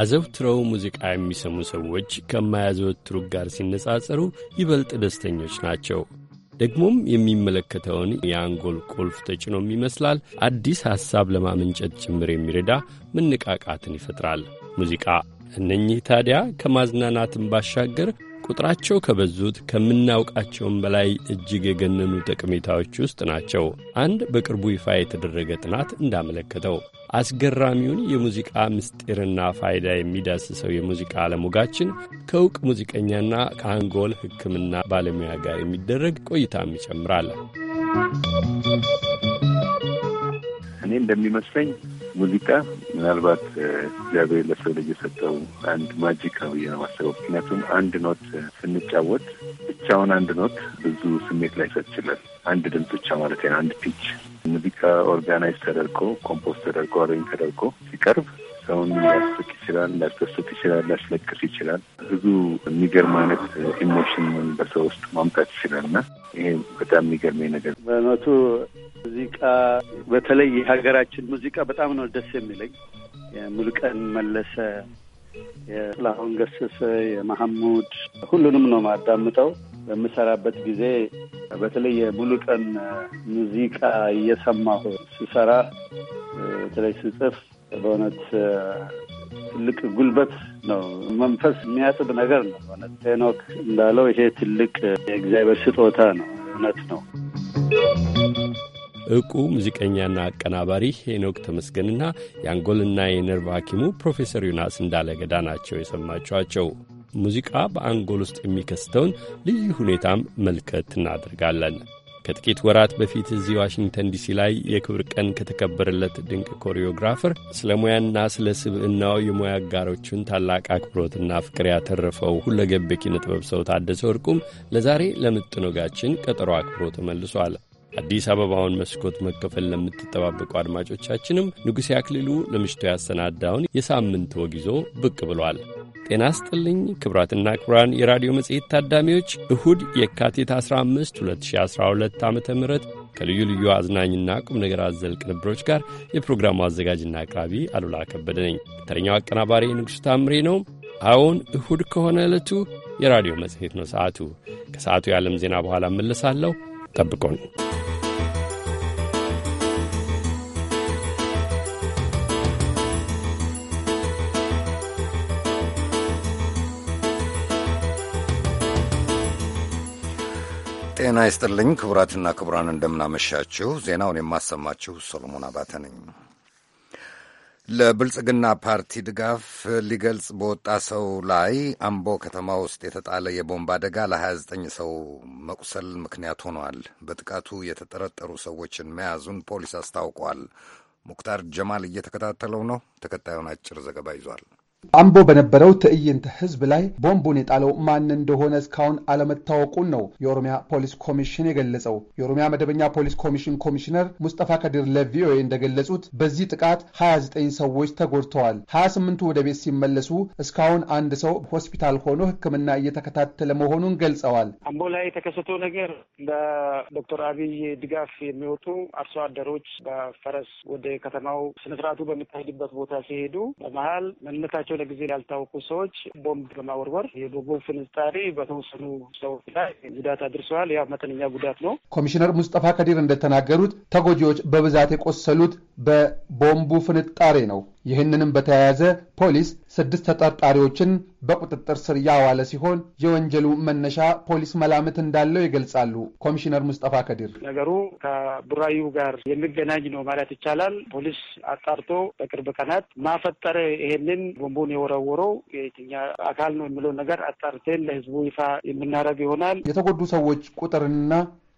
አዘውትረው ሙዚቃ የሚሰሙ ሰዎች ከማያዘወትሩት ጋር ሲነጻጸሩ ይበልጥ ደስተኞች ናቸው። ደግሞም የሚመለከተውን የአንጎል ቁልፍ ተጭኖም ይመስላል አዲስ ሐሳብ ለማመንጨት ጭምር የሚረዳ መነቃቃትን ይፈጥራል ሙዚቃ። እነኚህ ታዲያ ከማዝናናትን ባሻገር ቁጥራቸው ከበዙት ከምናውቃቸውም በላይ እጅግ የገነኑ ጠቀሜታዎች ውስጥ ናቸው። አንድ በቅርቡ ይፋ የተደረገ ጥናት እንዳመለከተው አስገራሚውን የሙዚቃ ምስጢርና ፋይዳ የሚዳስሰው የሙዚቃ ዓለም ወጋችን ከእውቅ ሙዚቀኛና ከአንጎል ሕክምና ባለሙያ ጋር የሚደረግ ቆይታም ይጨምራል። እኔ እንደሚመስለኝ ሙዚቃ ምናልባት እግዚአብሔር ለሰው ልጅ የሰጠው አንድ ማጂክ ነው ብዬ ነው ምክንያቱም አንድ ኖት ስንጫወት ብቻውን አንድ ኖት ብዙ ስሜት ሰጥ ይችላል። አንድ ድምፅ ብቻ ማለት ነው፣ አንድ ፒች። ሙዚቃ ኦርጋናይዝ ተደርጎ ኮምፖዝ ተደርጎ አረኝ ተደርጎ ሲቀርብ ሰውን ሊያስቅ ይችላል፣ ሊያስደስት ይችላል፣ ሊያስለቅስ ይችላል። ብዙ የሚገርም አይነት ኢሞሽን በሰው ውስጥ ማምጣት ይችላል እና ይሄ በጣም የሚገርመኝ ነገር በእውነቱ ሙዚቃ በተለይ የሀገራችን ሙዚቃ በጣም ነው ደስ የሚለኝ። የሙሉቀን መለሰ፣ የጥላሁን ገሰሰ፣ የመሐሙድ ሁሉንም ነው ማዳምጠው በምሰራበት ጊዜ በተለይ የሙሉቀን ሙዚቃ እየሰማሁ ስሰራ፣ በተለይ ስጽፍ በእውነት ትልቅ ጉልበት ነው። መንፈስ የሚያጥብ ነገር ነው። እውነት ሄኖክ እንዳለው ይሄ ትልቅ የእግዚአብሔር ስጦታ ነው። እውነት ነው። እቁ ሙዚቀኛና አቀናባሪ ሄኖክ ተመስገንና የአንጎልና የነርቭ ሐኪሙ ፕሮፌሰር ዮናስ እንዳለገዳ ናቸው የሰማችኋቸው። ሙዚቃ በአንጎል ውስጥ የሚከስተውን ልዩ ሁኔታም መልከት እናደርጋለን። ከጥቂት ወራት በፊት እዚህ ዋሽንግተን ዲሲ ላይ የክብር ቀን ከተከበረለት ድንቅ ኮሪዮግራፈር ስለ ሙያና ስለ ስብዕናው የሙያ አጋሮቹን ታላቅ አክብሮትና ፍቅር ያተረፈው ሁለገብ የኪነ ጥበብ ሰው ታደሰ ወርቁም ለዛሬ ለምጥን ወጋችን ቀጠሮ አክብሮ ተመልሷል። አዲስ አበባውን መስኮት መከፈል ለምትጠባበቁ አድማጮቻችንም ንጉሴ አክሊሉ ለምሽቶ ያሰናዳውን የሳምንት ወግ ይዞ ብቅ ብሏል። ጤና ስጥልኝ ክብራትና ክብራን የራዲዮ መጽሔት ታዳሚዎች እሁድ የካቲት 15 2012 ዓ ም ከልዩ ልዩ አዝናኝና ቁም ነገር አዘል ቅንብሮች ጋር የፕሮግራሙ አዘጋጅና አቅራቢ አሉላ ከበደ ነኝ። ተረኛው አቀናባሪ ንጉሥ ታምሬ ነው። አዎን እሁድ ከሆነ ዕለቱ የራዲዮ መጽሔት ነው። ሰዓቱ ከሰዓቱ የዓለም ዜና በኋላ እመለሳለሁ። ጠብቆን ጤና ይስጥልኝ ክቡራትና ክቡራን፣ እንደምናመሻችሁ። ዜናውን የማሰማችሁ ሶሎሞን አባተ ነኝ። ለብልጽግና ፓርቲ ድጋፍ ሊገልጽ በወጣ ሰው ላይ አምቦ ከተማ ውስጥ የተጣለ የቦምብ አደጋ ለ29 ሰው መቁሰል ምክንያት ሆኗል። በጥቃቱ የተጠረጠሩ ሰዎችን መያዙን ፖሊስ አስታውቋል። ሙክታር ጀማል እየተከታተለው ነው። ተከታዩን አጭር ዘገባ ይዟል። አምቦ በነበረው ትዕይንተ ህዝብ ላይ ቦምቡን የጣለው ማን እንደሆነ እስካሁን አለመታወቁን ነው የኦሮሚያ ፖሊስ ኮሚሽን የገለጸው። የኦሮሚያ መደበኛ ፖሊስ ኮሚሽን ኮሚሽነር ሙስጠፋ ከድር ለቪኦኤ እንደገለጹት በዚህ ጥቃት 29 ሰዎች ተጎድተዋል። 28ቱ ወደ ቤት ሲመለሱ እስካሁን አንድ ሰው ሆስፒታል ሆኖ ሕክምና እየተከታተለ መሆኑን ገልጸዋል። አምቦ ላይ የተከሰተው ነገር በዶክተር አብይ ድጋፍ የሚወጡ አርሶ አደሮች በፈረስ ወደ ከተማው ስነስርዓቱ በሚካሄድበት ቦታ ሲሄዱ በመሀል መነታቸው ስማቸው ለጊዜ ያልታወቁ ሰዎች ቦምብ በማወርወር የቦምብ ፍንጣሪ በተወሰኑ ሰዎች ላይ ጉዳት አድርሰዋል። ያ መጠነኛ ጉዳት ነው። ኮሚሽነር ሙስጠፋ ከዲር እንደተናገሩት ተጎጂዎች በብዛት የቆሰሉት በቦምቡ ፍንጣሬ ነው። ይህንንም በተያያዘ ፖሊስ ስድስት ተጠርጣሪዎችን በቁጥጥር ስር ያዋለ ሲሆን የወንጀሉ መነሻ ፖሊስ መላምት እንዳለው ይገልጻሉ። ኮሚሽነር ሙስጠፋ ከዲር ነገሩ ከቡራዩ ጋር የሚገናኝ ነው ማለት ይቻላል። ፖሊስ አጣርቶ በቅርብ ቀናት ማፈጠረ ይሄንን ቦምቡን የወረወረው የትኛ አካል ነው የሚለው ነገር አጣርተን ለህዝቡ ይፋ የምናደርግ ይሆናል። የተጎዱ ሰዎች ቁጥርንና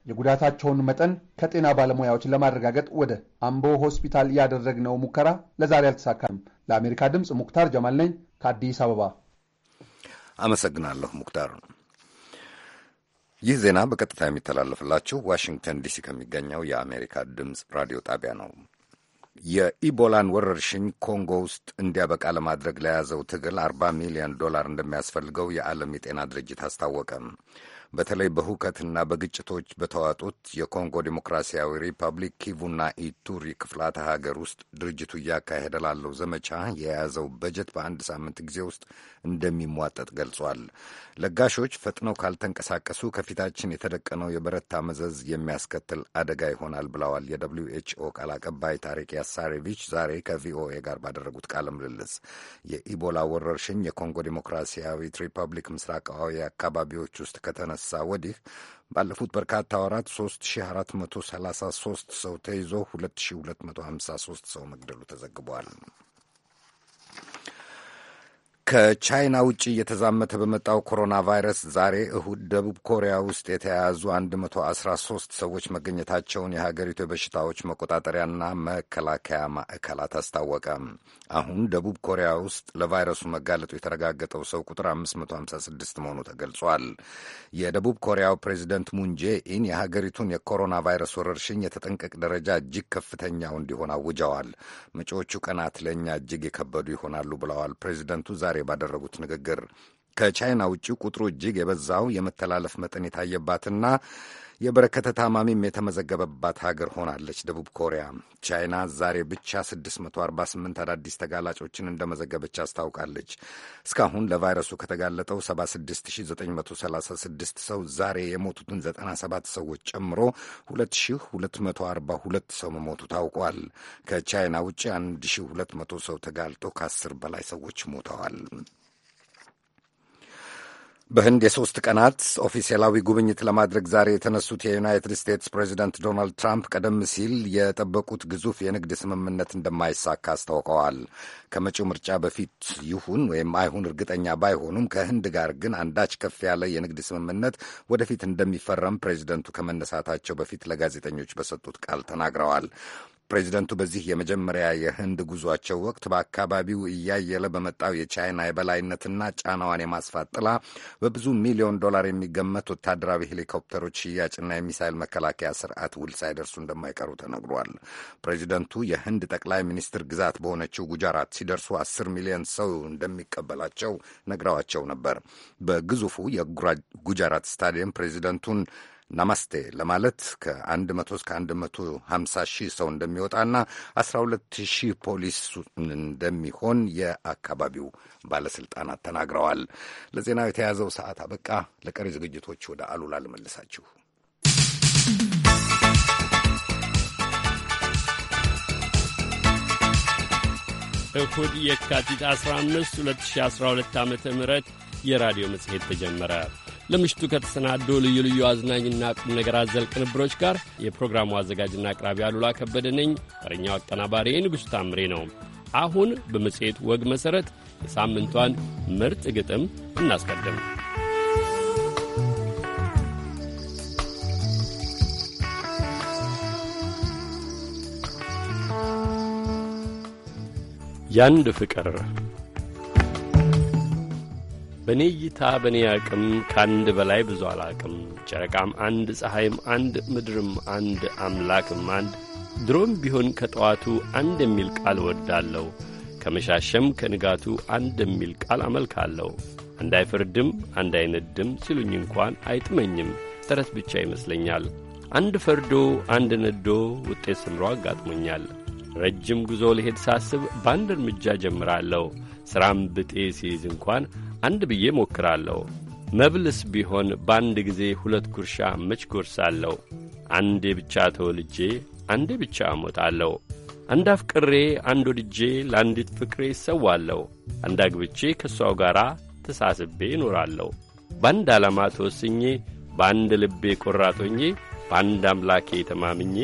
የጉዳታቸውን መጠን ከጤና ባለሙያዎች ለማረጋገጥ ወደ አምቦ ሆስፒታል ያደረግነው ሙከራ ለዛሬ አልተሳካም። ለአሜሪካ ድምፅ ሙክታር ጀማል ነኝ ከአዲስ አበባ። አመሰግናለሁ ሙክታር። ይህ ዜና በቀጥታ የሚተላለፍላችሁ ዋሽንግተን ዲሲ ከሚገኘው የአሜሪካ ድምፅ ራዲዮ ጣቢያ ነው። የኢቦላን ወረርሽኝ ኮንጎ ውስጥ እንዲያበቃ ለማድረግ ለያዘው ትግል 40 ሚሊዮን ዶላር እንደሚያስፈልገው የዓለም የጤና ድርጅት አስታወቀ። በተለይ በሁከትና በግጭቶች በተዋጡት የኮንጎ ዲሞክራሲያዊ ሪፐብሊክ ኪቡና ኢቱሪ ክፍላተ ሀገር ውስጥ ድርጅቱ እያካሄደ ላለው ዘመቻ የያዘው በጀት በአንድ ሳምንት ጊዜ ውስጥ እንደሚሟጠጥ ገልጿል። ለጋሾች ፈጥነው ካልተንቀሳቀሱ ከፊታችን የተደቀነው የበረታ መዘዝ የሚያስከትል አደጋ ይሆናል ብለዋል የደብሊው ኤችኦ ቃል አቀባይ ታሪክ ያሳሬቪች ዛሬ ከቪኦኤ ጋር ባደረጉት ቃለ ምልልስ የኢቦላ ወረርሽኝ የኮንጎ ዲሞክራሲያዊ ሪፐብሊክ ምስራቃዊ አካባቢዎች ውስጥ ከተነ ከተነሳ ወዲህ ባለፉት በርካታ ወራት 3433 ሰው ተይዞ 2253 ሰው መግደሉ ተዘግቧል። ከቻይና ውጭ እየተዛመተ በመጣው ኮሮና ቫይረስ ዛሬ እሁድ ደቡብ ኮሪያ ውስጥ የተያያዙ 113 ሰዎች መገኘታቸውን የሀገሪቱ የበሽታዎች መቆጣጠሪያና መከላከያ ማዕከላት አስታወቀ። አሁን ደቡብ ኮሪያ ውስጥ ለቫይረሱ መጋለጡ የተረጋገጠው ሰው ቁጥር 556 መሆኑ ተገልጿል። የደቡብ ኮሪያው ፕሬዚደንት ሙንጄኢን የሀገሪቱን የኮሮና ቫይረስ ወረርሽኝ የተጠንቀቅ ደረጃ እጅግ ከፍተኛው እንዲሆን አውጀዋል። መጪዎቹ ቀናት ለእኛ እጅግ የከበዱ ይሆናሉ ብለዋል ፕሬዚደንቱ ዛሬ ዛሬ ባደረጉት ንግግር ከቻይና ውጭ ቁጥሩ እጅግ የበዛው የመተላለፍ መጠን የታየባትና የበረከተ ታማሚም የተመዘገበባት ሀገር ሆናለች ደቡብ ኮሪያ። ቻይና ዛሬ ብቻ 648 አዳዲስ ተጋላጮችን እንደመዘገበች አስታውቃለች። እስካሁን ለቫይረሱ ከተጋለጠው 76936 ሰው ዛሬ የሞቱትን 97 ሰዎች ጨምሮ 2242 ሰው መሞቱ ታውቋል። ከቻይና ውጭ 1200 ሰው ተጋልጦ ከ10 በላይ ሰዎች ሞተዋል። በህንድ የሶስት ቀናት ኦፊሴላዊ ጉብኝት ለማድረግ ዛሬ የተነሱት የዩናይትድ ስቴትስ ፕሬዚደንት ዶናልድ ትራምፕ ቀደም ሲል የጠበቁት ግዙፍ የንግድ ስምምነት እንደማይሳካ አስታውቀዋል። ከመጪው ምርጫ በፊት ይሁን ወይም አይሁን እርግጠኛ ባይሆኑም ከህንድ ጋር ግን አንዳች ከፍ ያለ የንግድ ስምምነት ወደፊት እንደሚፈረም ፕሬዚደንቱ ከመነሳታቸው በፊት ለጋዜጠኞች በሰጡት ቃል ተናግረዋል። ፕሬዚደንቱ በዚህ የመጀመሪያ የህንድ ጉዟቸው ወቅት በአካባቢው እያየለ በመጣው የቻይና የበላይነትና ጫናዋን የማስፋት ጥላ በብዙ ሚሊዮን ዶላር የሚገመት ወታደራዊ ሄሊኮፕተሮች ሽያጭና የሚሳይል መከላከያ ስርዓት ውል ሳይደርሱ እንደማይቀሩ ተነግሯል። ፕሬዚደንቱ የህንድ ጠቅላይ ሚኒስትር ግዛት በሆነችው ጉጃራት ሲደርሱ አስር ሚሊዮን ሰው እንደሚቀበላቸው ነግረዋቸው ነበር። በግዙፉ የጉጃራት ስታዲየም ፕሬዚደንቱን ናማስቴ ለማለት ከ100 እስከ 150 ሺህ ሰው እንደሚወጣና 12 ሺህ ፖሊስ እንደሚሆን የአካባቢው ባለሥልጣናት ተናግረዋል። ለዜናው የተያዘው ሰዓት አበቃ። ለቀሪ ዝግጅቶች ወደ አሉላ ልመልሳችሁ። እሁድ የካቲት 15 2012 ዓ ም የራዲዮ መጽሔት ተጀመረ። ለምሽቱ ከተሰናዱ ልዩ ልዩ አዝናኝና ቁም ነገር አዘል ቅንብሮች ጋር የፕሮግራሙ አዘጋጅና አቅራቢ አሉላ ከበደ ነኝ። ተረኛው አቀናባሪ ንጉሥ ታምሬ ነው። አሁን በመጽሔት ወግ መሠረት የሳምንቷን ምርጥ ግጥም እናስቀድም። ያንድ ፍቅር በእኔ እይታ በእኔ አቅም ከአንድ በላይ ብዙ አላቅም። ጨረቃም አንድ፣ ፀሐይም አንድ፣ ምድርም አንድ፣ አምላክም አንድ። ድሮም ቢሆን ከጠዋቱ አንድ የሚል ቃል እወዳለሁ። ከመሻሸም ከንጋቱ አንድ የሚል ቃል አመልካለሁ። አንዳይ ንድም ሲሉኝ እንኳን አይጥመኝም። ተረት ብቻ ይመስለኛል። አንድ ፈርዶ አንድ ነዶ ውጤት ስምሮ አጋጥሞኛል። ረጅም ጉዞ ልሄድ ሳስብ በአንድ እርምጃ ጀምራለሁ። ሥራም ብጤ ሲይዝ እንኳን አንድ ብዬ ሞክራለሁ። መብልስ ቢሆን በአንድ ጊዜ ሁለት ጉርሻ መች ጎርሳለሁ? አንዴ ብቻ ተወልጄ አንዴ ብቻ እሞታለሁ። አንድ አፍቅሬ አንድ ወድጄ ለአንዲት ፍቅሬ ይሰዋለሁ። አንድ አግብቼ ከእሷው ጋር ተሳስቤ ይኖራለሁ። በአንድ ዓላማ ተወስኜ፣ በአንድ ልቤ ቆራጦኜ፣ በአንድ አምላኬ ተማምኜ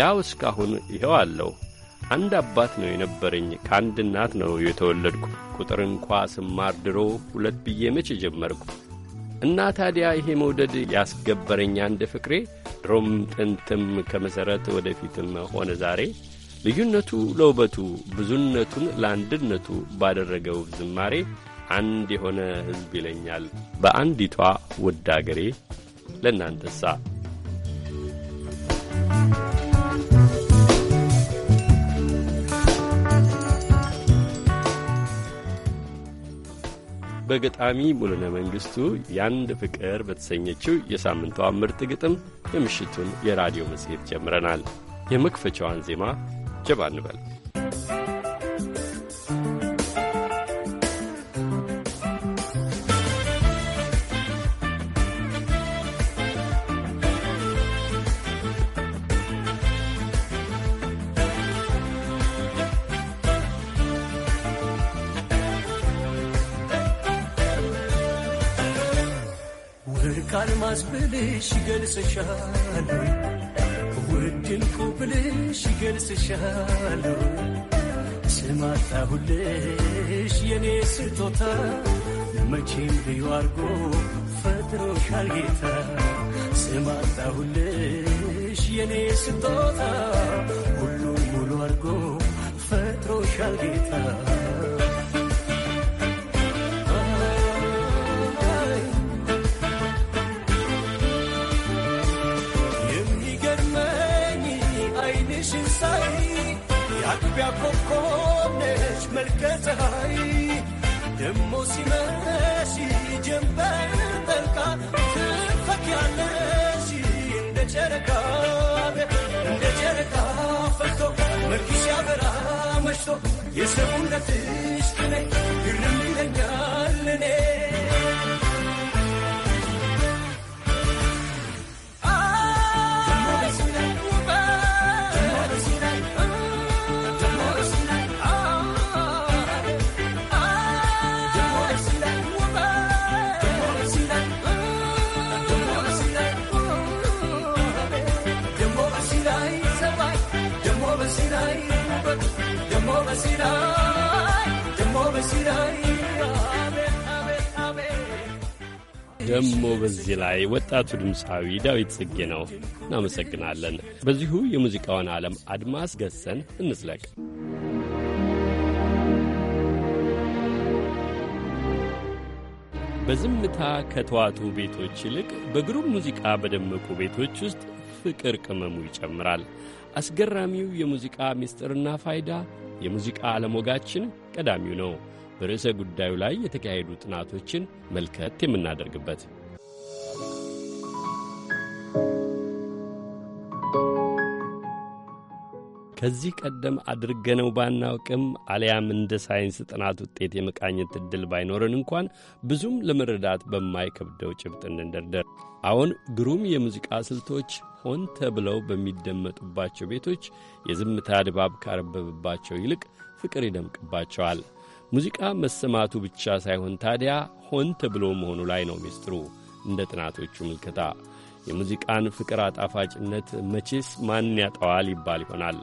ያው እስካሁን ይኸዋለሁ። አንድ አባት ነው የነበረኝ፣ ከአንድ እናት ነው የተወለድኩ። ቁጥር እንኳ ስማር ድሮ ሁለት ብዬ መቼ ጀመርኩ። እና ታዲያ ይሄ መውደድ ያስገበረኝ አንድ ፍቅሬ ድሮም ጥንትም ከመሠረት ወደፊትም ሆነ ዛሬ ልዩነቱ ለውበቱ ብዙነቱን ለአንድነቱ ባደረገው ዝማሬ አንድ የሆነ ሕዝብ ይለኛል በአንዲቷ ውድ አገሬ ለእናንተሳ በገጣሚ ሙሉነ መንግስቱ ያንድ ፍቅር በተሰኘችው የሳምንቷ ምርጥ ግጥም የምሽቱን የራዲዮ መጽሔት ጀምረናል። የመክፈቻዋን ዜማ ጀባ እንበል። አልማዝ ብልሽ ይገልጽሻል ውድንኩ ብልሽ የኔ ስጦታ መቼም ልዩ አርጎ ፈጥሮሻል ጌታ የኔ ስጦታ ሁሉም ሙሉ አርጎ ፈጥሮሻል ጌታ የኢትዮጵያ ኮከብ ነሽ መልከ ፀሐይ ደሞ ሲመሽ ጀንበር ጠልቃ ትፈኪያለሽ እንደ ጨረቃ እንደ ጨረቃ ፈልቶ መልክሽ ያበራ መሽቶ የሰውነትሽ ቅኔ ግርም ይለኛል እኔ ደግሞ በዚህ ላይ ወጣቱ ድምፃዊ ዳዊት ጽጌ ነው። እናመሰግናለን። በዚሁ የሙዚቃውን ዓለም አድማስ ገሰን እንስለቅ። በዝምታ ከተዋጡ ቤቶች ይልቅ በግሩም ሙዚቃ በደመቁ ቤቶች ውስጥ ፍቅር ቅመሙ ይጨምራል። አስገራሚው የሙዚቃ ምስጢርና ፋይዳ የሙዚቃ ዓለም ወጋችን ቀዳሚው ነው። በርዕሰ ጉዳዩ ላይ የተካሄዱ ጥናቶችን መልከት የምናደርግበት ከዚህ ቀደም አድርገነው ባናውቅም አሊያም እንደ ሳይንስ ጥናት ውጤት የመቃኘት ዕድል ባይኖረን እንኳን ብዙም ለመረዳት በማይከብደው ጭብጥ እንደርደር። አሁን ግሩም የሙዚቃ ስልቶች ሆን ተብለው በሚደመጡባቸው ቤቶች የዝምታ ድባብ ካረበበባቸው ይልቅ ፍቅር ይደምቅባቸዋል። ሙዚቃ መሰማቱ ብቻ ሳይሆን ታዲያ ሆን ተብሎ መሆኑ ላይ ነው ሚስጥሩ። እንደ ጥናቶቹ ምልከታ የሙዚቃን ፍቅር አጣፋጭነት መቼስ ማን ያጠዋል ይባል ይሆናል።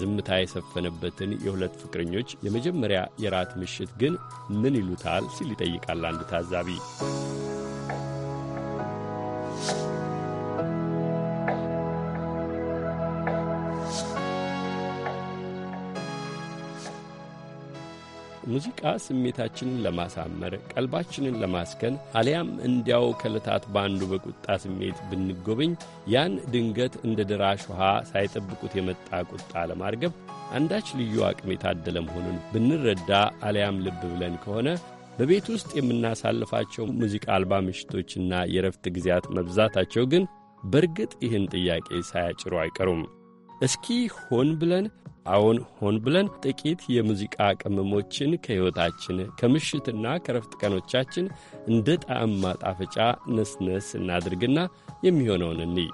ዝምታ የሰፈነበትን የሁለት ፍቅረኞች የመጀመሪያ የራት ምሽት ግን ምን ይሉታል ሲል ይጠይቃል አንድ ታዛቢ። ሙዚቃ ስሜታችንን ለማሳመር ቀልባችንን ለማስከን አሊያም እንዲያው ከለታት በአንዱ በቁጣ ስሜት ብንጎበኝ ያን ድንገት እንደ ደራሽ ውሃ ሳይጠብቁት የመጣ ቁጣ ለማርገብ አንዳች ልዩ አቅም የታደለ መሆኑን ብንረዳ አሊያም ልብ ብለን ከሆነ በቤት ውስጥ የምናሳልፋቸው ሙዚቃ አልባ ምሽቶችና የረፍት ጊዜያት መብዛታቸው ግን በእርግጥ ይህን ጥያቄ ሳያጭሩ አይቀሩም። እስኪ ሆን ብለን አዎን ሆን ብለን ጥቂት የሙዚቃ ቅመሞችን ከሕይወታችን ከምሽትና ከረፍት ቀኖቻችን እንደ ጣዕም ማጣፈጫ ነስነስ እናድርግና የሚሆነውን እንይ።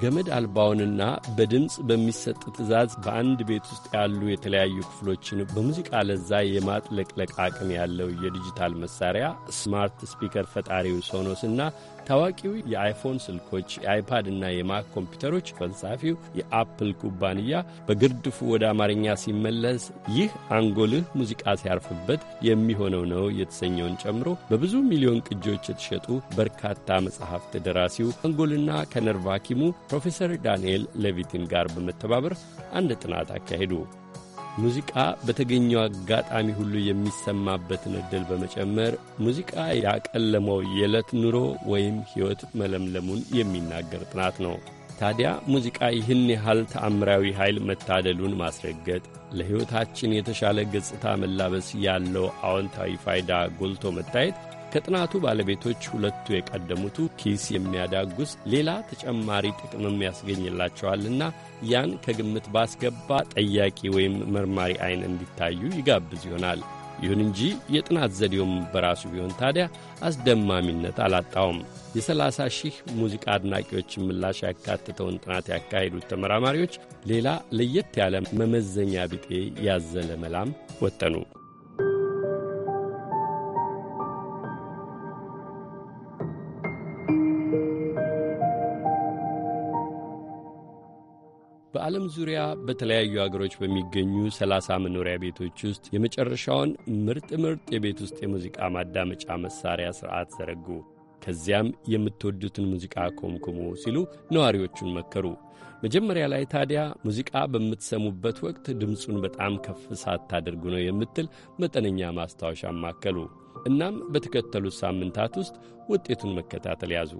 ገመድ አልባውንና በድምፅ በሚሰጥ ትዕዛዝ በአንድ ቤት ውስጥ ያሉ የተለያዩ ክፍሎችን በሙዚቃ ለዛ የማጥለቅለቅ አቅም ያለው የዲጂታል መሳሪያ ስማርት ስፒከር ፈጣሪው ሶኖስና ታዋቂው የአይፎን ስልኮች የአይፓድ እና የማክ ኮምፒውተሮች ፈልሳፊው የአፕል ኩባንያ በግርድፉ ወደ አማርኛ ሲመለስ ይህ አንጎልህ ሙዚቃ ሲያርፍበት የሚሆነው ነው የተሰኘውን ጨምሮ በብዙ ሚሊዮን ቅጂዎች የተሸጡ በርካታ መጽሐፍት ደራሲው አንጎልና ከነርቭ ሐኪሙ ፕሮፌሰር ዳንኤል ሌቪቲን ጋር በመተባበር አንድ ጥናት አካሄዱ። ሙዚቃ በተገኘው አጋጣሚ ሁሉ የሚሰማበትን ዕድል በመጨመር ሙዚቃ ያቀለመው የዕለት ኑሮ ወይም ሕይወት መለምለሙን የሚናገር ጥናት ነው። ታዲያ ሙዚቃ ይህን ያህል ተአምራዊ ኃይል መታደሉን ማስረገጥ፣ ለሕይወታችን የተሻለ ገጽታ መላበስ ያለው አዎንታዊ ፋይዳ ጎልቶ መታየት ከጥናቱ ባለቤቶች ሁለቱ የቀደሙቱ ኪስ የሚያዳጉስ ሌላ ተጨማሪ ጥቅምም ያስገኝላቸዋልና ያን ከግምት ባስገባ ጠያቂ ወይም መርማሪ ዐይን እንዲታዩ ይጋብዝ ይሆናል። ይሁን እንጂ የጥናት ዘዴውም በራሱ ቢሆን ታዲያ አስደማሚነት አላጣውም። የ30 ሺህ ሙዚቃ አድናቂዎችን ምላሽ ያካትተውን ጥናት ያካሄዱት ተመራማሪዎች ሌላ ለየት ያለ መመዘኛ ቢጤ ያዘለ መላም ወጠኑ። በዓለም ዙሪያ በተለያዩ አገሮች በሚገኙ 30 መኖሪያ ቤቶች ውስጥ የመጨረሻውን ምርጥ ምርጥ የቤት ውስጥ የሙዚቃ ማዳመጫ መሳሪያ ሥርዓት ዘረጉ። ከዚያም የምትወዱትን ሙዚቃ ኮምኩሙ ሲሉ ነዋሪዎቹን መከሩ። መጀመሪያ ላይ ታዲያ ሙዚቃ በምትሰሙበት ወቅት ድምፁን በጣም ከፍ ሳታደርጉ ነው የምትል መጠነኛ ማስታወሻ ማከሉ። እናም በተከተሉት ሳምንታት ውስጥ ውጤቱን መከታተል ያዙ።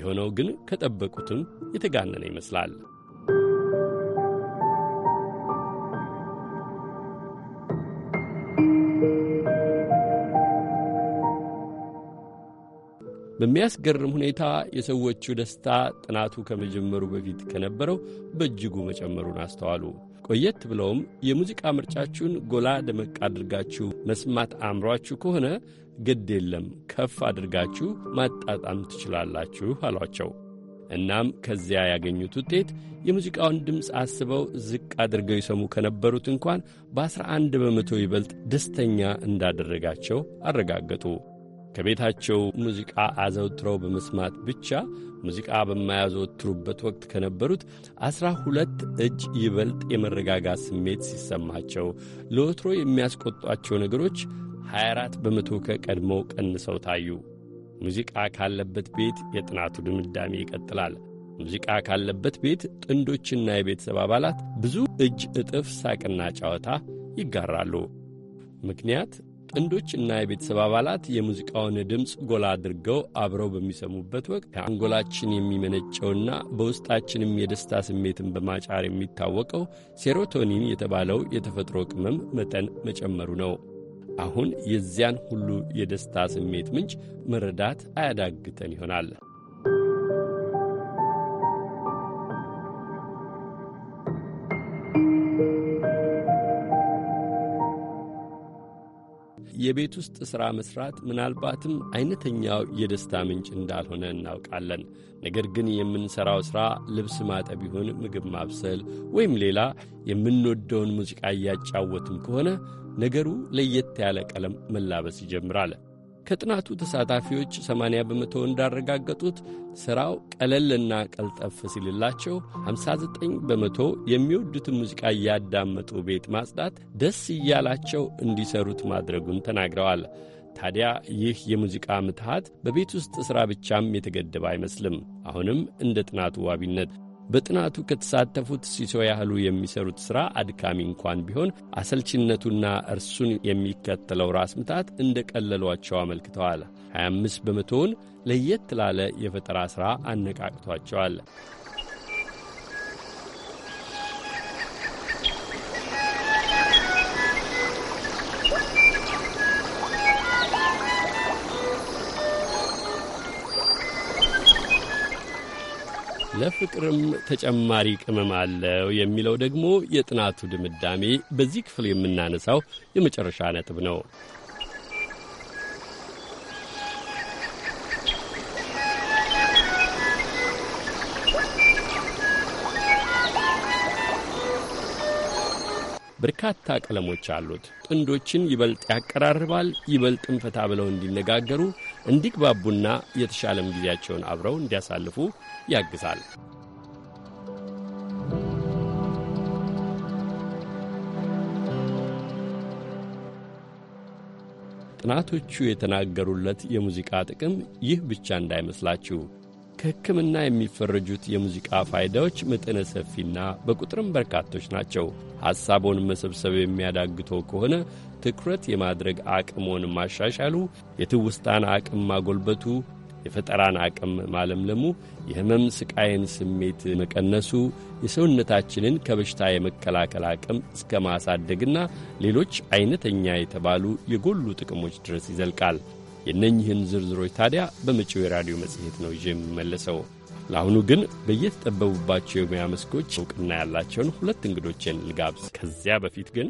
የሆነው ግን ከጠበቁትም የተጋነነ ይመስላል። በሚያስገርም ሁኔታ የሰዎቹ ደስታ ጥናቱ ከመጀመሩ በፊት ከነበረው በእጅጉ መጨመሩን አስተዋሉ። ቆየት ብለውም የሙዚቃ ምርጫችሁን ጎላ ደመቅ አድርጋችሁ መስማት አምሯችሁ ከሆነ ግድ የለም ከፍ አድርጋችሁ ማጣጣም ትችላላችሁ አሏቸው። እናም ከዚያ ያገኙት ውጤት የሙዚቃውን ድምፅ አስበው ዝቅ አድርገው ይሰሙ ከነበሩት እንኳን በ11 በመቶ ይበልጥ ደስተኛ እንዳደረጋቸው አረጋገጡ። ከቤታቸው ሙዚቃ አዘውትረው በመስማት ብቻ ሙዚቃ በማያዘወትሩበት ወቅት ከነበሩት አስራ ሁለት እጅ ይበልጥ የመረጋጋት ስሜት ሲሰማቸው ለወትሮ የሚያስቆጧቸው ነገሮች 24 በመቶ ከቀድሞው ቀንሰው ታዩ። ሙዚቃ ካለበት ቤት የጥናቱ ድምዳሜ ይቀጥላል። ሙዚቃ ካለበት ቤት ጥንዶችና የቤተሰብ አባላት ብዙ እጅ እጥፍ ሳቅና ጨዋታ ይጋራሉ። ምክንያት እና የቤተሰብ አባላት የሙዚቃውን ድምፅ ጎላ አድርገው አብረው በሚሰሙበት ወቅት ከአንጎላችን የሚመነጨውና በውስጣችንም የደስታ ስሜትን በማጫር የሚታወቀው ሴሮቶኒን የተባለው የተፈጥሮ ቅመም መጠን መጨመሩ ነው። አሁን የዚያን ሁሉ የደስታ ስሜት ምንጭ መረዳት አያዳግተን ይሆናል። የቤት ውስጥ ሥራ መሥራት ምናልባትም አይነተኛው የደስታ ምንጭ እንዳልሆነ እናውቃለን። ነገር ግን የምንሠራው ሥራ ልብስ ማጠብ ይሁን ምግብ ማብሰል ወይም ሌላ የምንወደውን ሙዚቃ እያጫወትም ከሆነ ነገሩ ለየት ያለ ቀለም መላበስ ይጀምራል። ከጥናቱ ተሳታፊዎች 80 በመቶ እንዳረጋገጡት ሥራው ቀለልና ቀልጠፍ ሲልላቸው 59 በመቶ የሚወዱትን ሙዚቃ እያዳመጡ ቤት ማጽዳት ደስ እያላቸው እንዲሰሩት ማድረጉን ተናግረዋል። ታዲያ ይህ የሙዚቃ ምትሃት በቤት ውስጥ ሥራ ብቻም የተገደበ አይመስልም። አሁንም እንደ ጥናቱ ዋቢነት በጥናቱ ከተሳተፉት ሲሶ ያህሉ የሚሰሩት ሥራ አድካሚ እንኳን ቢሆን አሰልችነቱና እርሱን የሚከተለው ራስ ምታት እንደ ቀለሏቸው አመልክተዋል። 25 በመቶውን ለየት ላለ የፈጠራ ሥራ አነቃቅቷቸዋል። ለፍቅርም ተጨማሪ ቅመም አለው የሚለው ደግሞ የጥናቱ ድምዳሜ በዚህ ክፍል የምናነሳው የመጨረሻ ነጥብ ነው። በርካታ ቀለሞች አሉት። ጥንዶችን ይበልጥ ያቀራርባል፣ ይበልጥም ፈታ ብለው እንዲነጋገሩ እንዲግባቡና የተሻለም ጊዜያቸውን አብረው እንዲያሳልፉ ያግዛል። ጥናቶቹ የተናገሩለት የሙዚቃ ጥቅም ይህ ብቻ እንዳይመስላችሁ ከሕክምና የሚፈረጁት የሙዚቃ ፋይዳዎች መጠነ ሰፊና በቁጥርም በርካቶች ናቸው። ሐሳቦን መሰብሰብ የሚያዳግቶ ከሆነ ትኩረት የማድረግ አቅሞን ማሻሻሉ፣ የትውስታን አቅም ማጎልበቱ፣ የፈጠራን አቅም ማለምለሙ፣ የሕመም ሥቃይን ስሜት መቀነሱ፣ የሰውነታችንን ከበሽታ የመከላከል አቅም እስከ ማሳደግና ሌሎች ዐይነተኛ የተባሉ የጎሉ ጥቅሞች ድረስ ይዘልቃል። የእነኝህን ዝርዝሮች ታዲያ በመጪው የራዲዮ መጽሔት ነው ይዤ የምመለሰው። ለአሁኑ ግን በየተጠበቡባቸው የሙያ መስኮች እውቅና ያላቸውን ሁለት እንግዶችን ልጋብዝ። ከዚያ በፊት ግን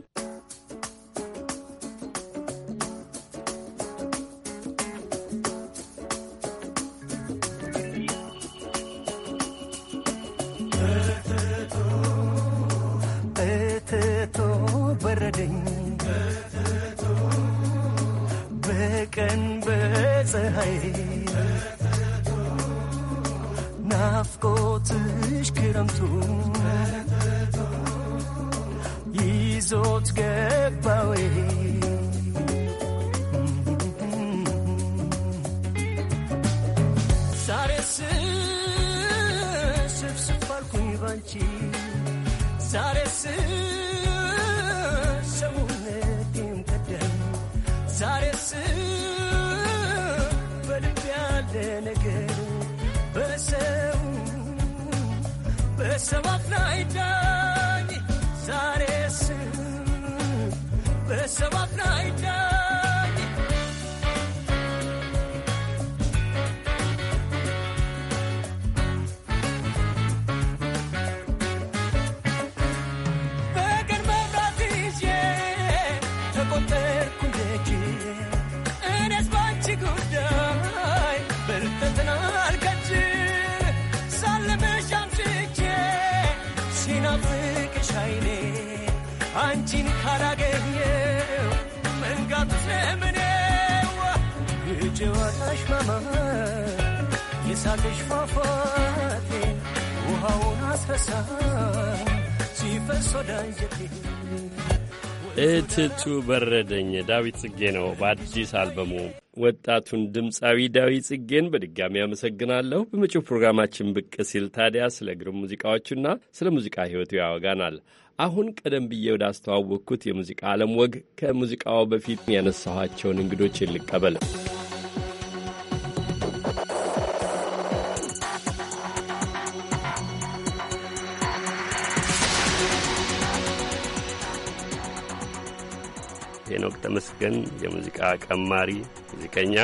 ናፍቅሽ አይኔ አንቺን ካላገኘው መንጋቱ ስለምኔው የጨዋታሽ ማማ የሳቅሽ ፏፏቴ ውሃውን አስፈሳ ሲፈሶ ዳንጀቴ እትቱ በረደኝ ዳዊት ጽጌ ነው በአዲስ አልበሙ ወጣቱን ድምፃዊ ዳዊ ጽጌን በድጋሚ አመሰግናለሁ። በመጪው ፕሮግራማችን ብቅ ሲል ታዲያ ስለ ግርም ሙዚቃዎቹና ስለ ሙዚቃ ሕይወቱ ያወጋናል። አሁን ቀደም ብዬ ወደ አስተዋወቅኩት የሙዚቃ ዓለም ወግ ከሙዚቃው በፊት ያነሳኋቸውን እንግዶች ይልቀበል። ሄኖክ ተመስገን የሙዚቃ ቀማሪ ሙዚቀኛ፣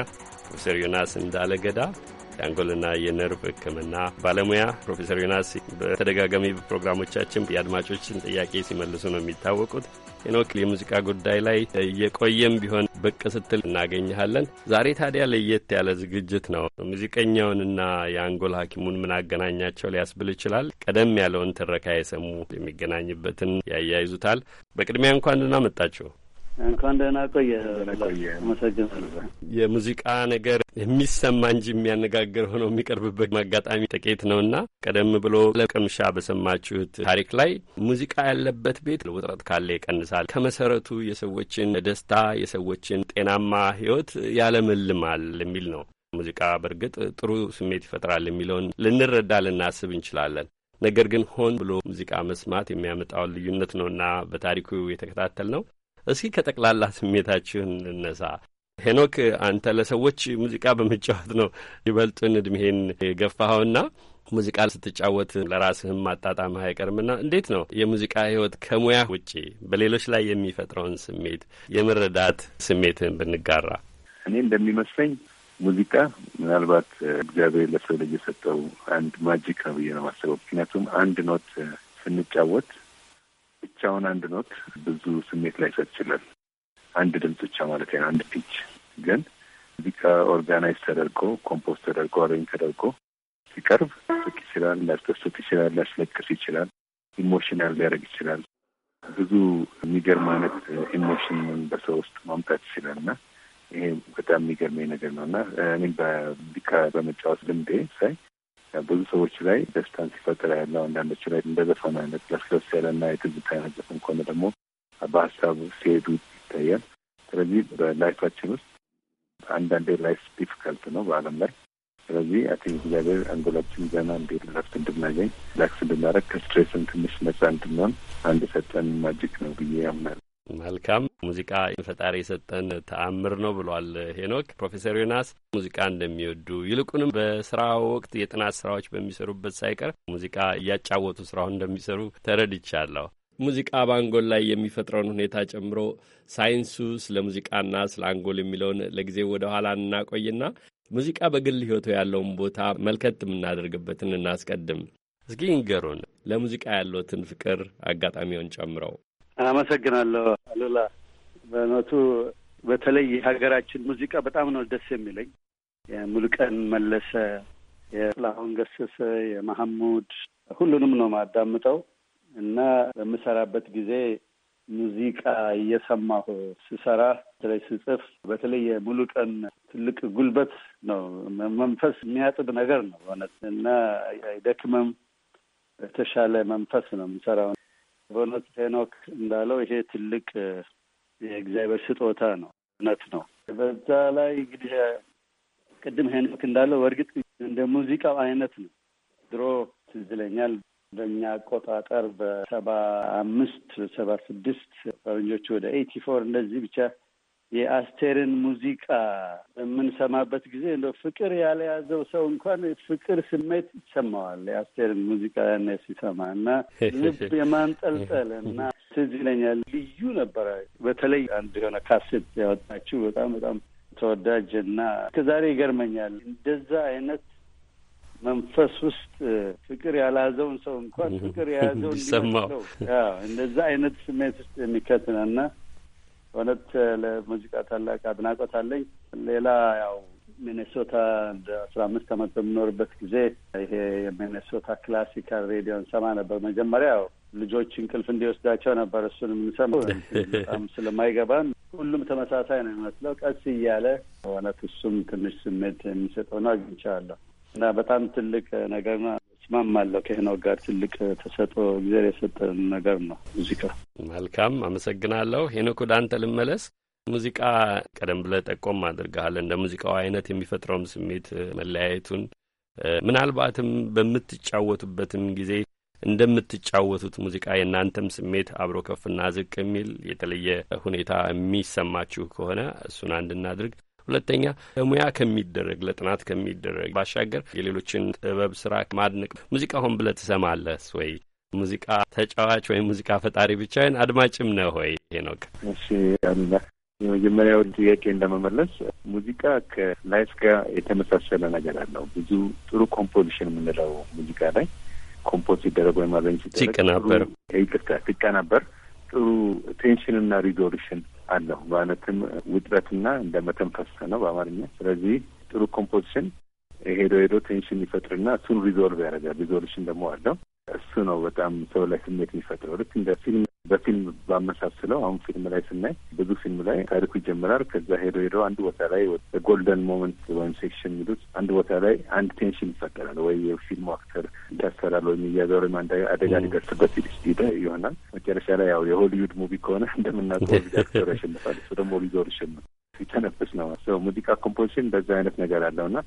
ፕሮፌሰር ዮናስ እንዳለገዳ የአንጎልና የነርቭ ሕክምና ባለሙያ። ፕሮፌሰር ዮናስ በተደጋጋሚ በፕሮግራሞቻችን የአድማጮችን ጥያቄ ሲመልሱ ነው የሚታወቁት። ሄኖክ የሙዚቃ ጉዳይ ላይ እየቆየም ቢሆን ብቅ ስትል እናገኘሃለን። ዛሬ ታዲያ ለየት ያለ ዝግጅት ነው። ሙዚቀኛውንና የአንጎል ሐኪሙን ምን አገናኛቸው ሊያስብል ይችላል። ቀደም ያለውን ትረካ የሰሙ የሚገናኝበትን ያያይዙታል። በቅድሚያ እንኳን ደህና መጣችሁ። እንኳን ደህና ቆየ። አመሰግናለሁ። የሙዚቃ ነገር የሚሰማ እንጂ የሚያነጋግር ሆኖ የሚቀርብበት አጋጣሚ ጥቂት ነውና ቀደም ብሎ ለቅምሻ በሰማችሁት ታሪክ ላይ ሙዚቃ ያለበት ቤት ውጥረት ካለ ይቀንሳል፣ ከመሰረቱ የሰዎችን ደስታ የሰዎችን ጤናማ ህይወት ያለመልማል የሚል ነው። ሙዚቃ በእርግጥ ጥሩ ስሜት ይፈጥራል የሚለውን ልንረዳ ልናስብ እንችላለን። ነገር ግን ሆን ብሎ ሙዚቃ መስማት የሚያመጣውን ልዩነት ነውና በታሪኩ የተከታተል ነው። እስኪ ከጠቅላላ ስሜታችሁን ልነሳ። ሄኖክ አንተ ለሰዎች ሙዚቃ በመጫወት ነው ይበልጡን እድሜህን የገፋኸውና ሙዚቃ ስትጫወት ለራስህም ማጣጣም አይቀርምና እንዴት ነው የሙዚቃ ህይወት ከሙያ ውጪ በሌሎች ላይ የሚፈጥረውን ስሜት የመረዳት ስሜትህን ብንጋራ? እኔ እንደሚመስለኝ ሙዚቃ ምናልባት እግዚአብሔር ለሰው ልጅ የሰጠው አንድ ማጂክ ነው ብዬ ነው ማሰበው። ምክንያቱም አንድ ኖት ስንጫወት ብቻውን አንድ ኖት ብዙ ስሜት ሰጥ ይችላል። አንድ ድምፅ ብቻ ማለት ነው። አንድ ፒች ግን ሙዚቃ ኦርጋናይዝ ተደርጎ ኮምፖዝ ተደርጎ አሬንጅ ተደርጎ ሲቀርብ ስቅ ይችላል፣ ሊያስደስት ይችላል፣ ሊያስለቅስ ይችላል፣ ኢሞሽናል ሊያደርግ ይችላል። ብዙ የሚገርም አይነት ኢሞሽንን በሰው ውስጥ ማምጣት ይችላል እና ይሄ በጣም የሚገርመኝ ነገር ነው እና እኔ በሙዚቃ በመጫወት ልምዴ ሳይ ብዙ ሰዎች ላይ ደስታን ሲፈጥር ያለው አንዳንዶች ላይ እንደ ዘፈኑ አይነት ለስለስ ያለና የትዝታ አይነት ዘፈን ከሆነ ደግሞ በሀሳቡ ሲሄዱ ይታያል። ስለዚህ በላይፋችን ውስጥ አንዳንዴ ላይፍ ዲፊካልት ነው በዓለም ላይ። ስለዚህ አቲ እግዚአብሔር አንጎላችን ዘና እንዴት ረፍት እንድናገኝ ላክስ እንድናረግ ከስትሬስን ትንሽ ነጻ እንድንሆን አንድ ሰጠን ማጅክ ነው ብዬ ያምናል። መልካም ሙዚቃ ፈጣሪ የሰጠን ተአምር ነው ብሏል ሄኖክ። ፕሮፌሰር ዮናስ ሙዚቃ እንደሚወዱ ይልቁንም በስራ ወቅት የጥናት ስራዎች በሚሰሩበት ሳይቀር ሙዚቃ እያጫወቱ ስራውን እንደሚሰሩ ተረድቻለሁ። ሙዚቃ በአንጎል ላይ የሚፈጥረውን ሁኔታ ጨምሮ ሳይንሱ ስለ ሙዚቃና ስለ አንጎል የሚለውን ለጊዜው ወደ ኋላ እናቆይና ሙዚቃ በግል ህይወቱ ያለውን ቦታ መልከት የምናደርግበትን እናስቀድም። እስኪ ንገሩን ለሙዚቃ ያለትን ፍቅር አጋጣሚውን ጨምረው አመሰግናለሁ አሉላ። በእውነቱ በተለይ የሀገራችን ሙዚቃ በጣም ነው ደስ የሚለኝ። የሙሉቀን መለሰ፣ የጥላሁን ገሰሰ፣ የመሐሙድ ሁሉንም ነው ማዳምጠው እና በምሰራበት ጊዜ ሙዚቃ እየሰማሁ ስሰራ በተለይ ስጽፍ በተለይ የሙሉቀን ትልቅ ጉልበት ነው፣ መንፈስ የሚያጥብ ነገር ነው በእውነት እና አይደክምም። በተሻለ መንፈስ ነው የምሰራው። በእውነት ሄኖክ እንዳለው ይሄ ትልቅ የእግዚአብሔር ስጦታ ነው። እውነት ነው። በዛ ላይ እንግዲህ ቅድም ሄኖክ እንዳለው በእርግጥ እንደ ሙዚቃው አይነት ነው። ድሮ ትዝ ይለኛል በእኛ አቆጣጠር በሰባ አምስት ሰባ ስድስት ፈረንጆቹ ወደ ኤቲ ፎር እንደዚህ ብቻ የአስቴርን ሙዚቃ በምንሰማበት ጊዜ እንደ ፍቅር ያለያዘው ሰው እንኳን ፍቅር ስሜት ይሰማዋል። የአስቴርን ሙዚቃ ያኔ ሲሰማ እና ልብ የማንጠልጠል እና ትዝ ይለኛል። ልዩ ነበረ። በተለይ አንድ የሆነ ካሴት ያወጣችው በጣም በጣም ተወዳጅ እና ከዛሬ ይገርመኛል እንደዛ አይነት መንፈስ ውስጥ ፍቅር ያልያዘውን ሰው እንኳን ፍቅር የያዘውን እንዲመስለው እንደዛ አይነት ስሜት ውስጥ የሚከትነ እና በእውነት ለሙዚቃ ታላቅ አድናቆት አለኝ። ሌላ ያው ሚኔሶታ እንደ አስራ አምስት ዓመት በምኖርበት ጊዜ ይሄ የሚኔሶታ ክላሲካል ሬዲዮ እንሰማ ነበር። መጀመሪያው ልጆች እንቅልፍ እንዲወስዳቸው ነበር እሱን የምንሰማው። በጣም ስለማይገባን ሁሉም ተመሳሳይ ነው የሚመስለው። ቀስ እያለ እውነት እሱም ትንሽ ስሜት የሚሰጠው ነው አግኝቼዋለሁ እና በጣም ትልቅ ነገር ነው። እስማማለሁ። ከሄኖክ ጋር ትልቅ ተሰጦ እግዚአብሔር የሰጠን ነገር ነው ሙዚቃ። መልካም አመሰግናለሁ። ሄኖክ ወደ አንተ ልመለስ። ሙዚቃ ቀደም ብለህ ጠቆም አድርገሃል። እንደ ሙዚቃው አይነት የሚፈጥረውም ስሜት መለያየቱን ምናልባትም በምትጫወቱበትም ጊዜ እንደምትጫወቱት ሙዚቃ የእናንተም ስሜት አብሮ ከፍና ዝቅ የሚል የተለየ ሁኔታ የሚሰማችሁ ከሆነ እሱን አንድ እናድርግ። ሁለተኛ ሙያ ከሚደረግ ለጥናት ከሚደረግ ባሻገር የሌሎችን ጥበብ ስራ ማድነቅ ሙዚቃ ሆን ብለህ ትሰማለህ ወይ? ሙዚቃ ተጫዋች ወይም ሙዚቃ ፈጣሪ ብቻዬን አድማጭም ነህ ወይ? ሄኖክ። እሺ የመጀመሪያውን ጥያቄ ለመመለስ ሙዚቃ ከላይፍ ጋር የተመሳሰለ ነገር አለው። ብዙ ጥሩ ኮምፖዚሽን የምንለው ሙዚቃ ላይ ኮምፖዝ ሲደረግ ወይም አዘኝ ሲደረግ ሲቀናበር፣ ይቅርታ ሲቀናበር ጥሩ ቴንሽን ቴንሽንና ሪዞሉሽን አለው። ማለትም ውጥረትና እንደ መተንፈስ ነው በአማርኛ። ስለዚህ ጥሩ ኮምፖዚሽን ሄዶ ሄዶ ቴንሽን ይፈጥርና እሱን ሪዞልቭ ያደርጋል። ሪዞሉሽን ደግሞ አለው። እሱ ነው በጣም ሰው ላይ ስሜት የሚፈጥረው። ልክ እንደ ፊልም በፊልም ባመሳስለው አሁን ፊልም ላይ ስናይ ብዙ ፊልም ላይ ታሪኩ ይጀምራል። ከዛ ሄዶ ሄዶ አንድ ቦታ ላይ ጎልደን ሞመንት ወይም ሴክሽን የሚሉት አንድ ቦታ ላይ አንድ ቴንሽን ይፈጠራል። ወይ የፊልሙ አክተር ይታሰራል ወይም እያዘር ወይም አንድ አደጋ ሊደርስበት ሂደ ይሆናል። መጨረሻ ላይ ያው የሆሊውድ ሙቪ ከሆነ እንደምናውቀው ጊዜ አክተር ያሸንፋል። እሱ ደግሞ ሊዞር ይሸንፋል ሲተነፍስ ነው። ሙዚቃ ኮምፖዚሽን በዛ አይነት ነገር አለው እና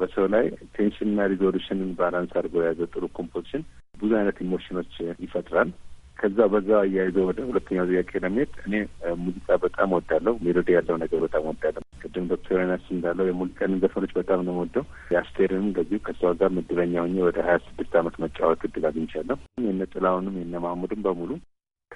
በሰው ላይ ቴንሽንና ሪዞሉሽንን ባላንስ አድርጎ የያዘ ጥሩ ኮምፖዚሽን ብዙ አይነት ኢሞሽኖች ይፈጥራል። ከዛ በዛ እያይዞ ወደ ሁለተኛው ጥያቄ ለመሄድ እኔ ሙዚቃ በጣም ወዳለሁ። ሜሎዲ ያለው ነገር በጣም ወዳለሁ። ቅድም ዶክተር ናስ እንዳለው የሙዚቃን ዘፈኖች በጣም ነው ወደው የአስቴርንም እንደዚሁ ከሷ ጋር ምድበኛ ሆኜ ወደ ሀያ ስድስት አመት መጫወት እድል አግኝቻለሁ። የነ ጥላሁንም የነ ማሙድም በሙሉ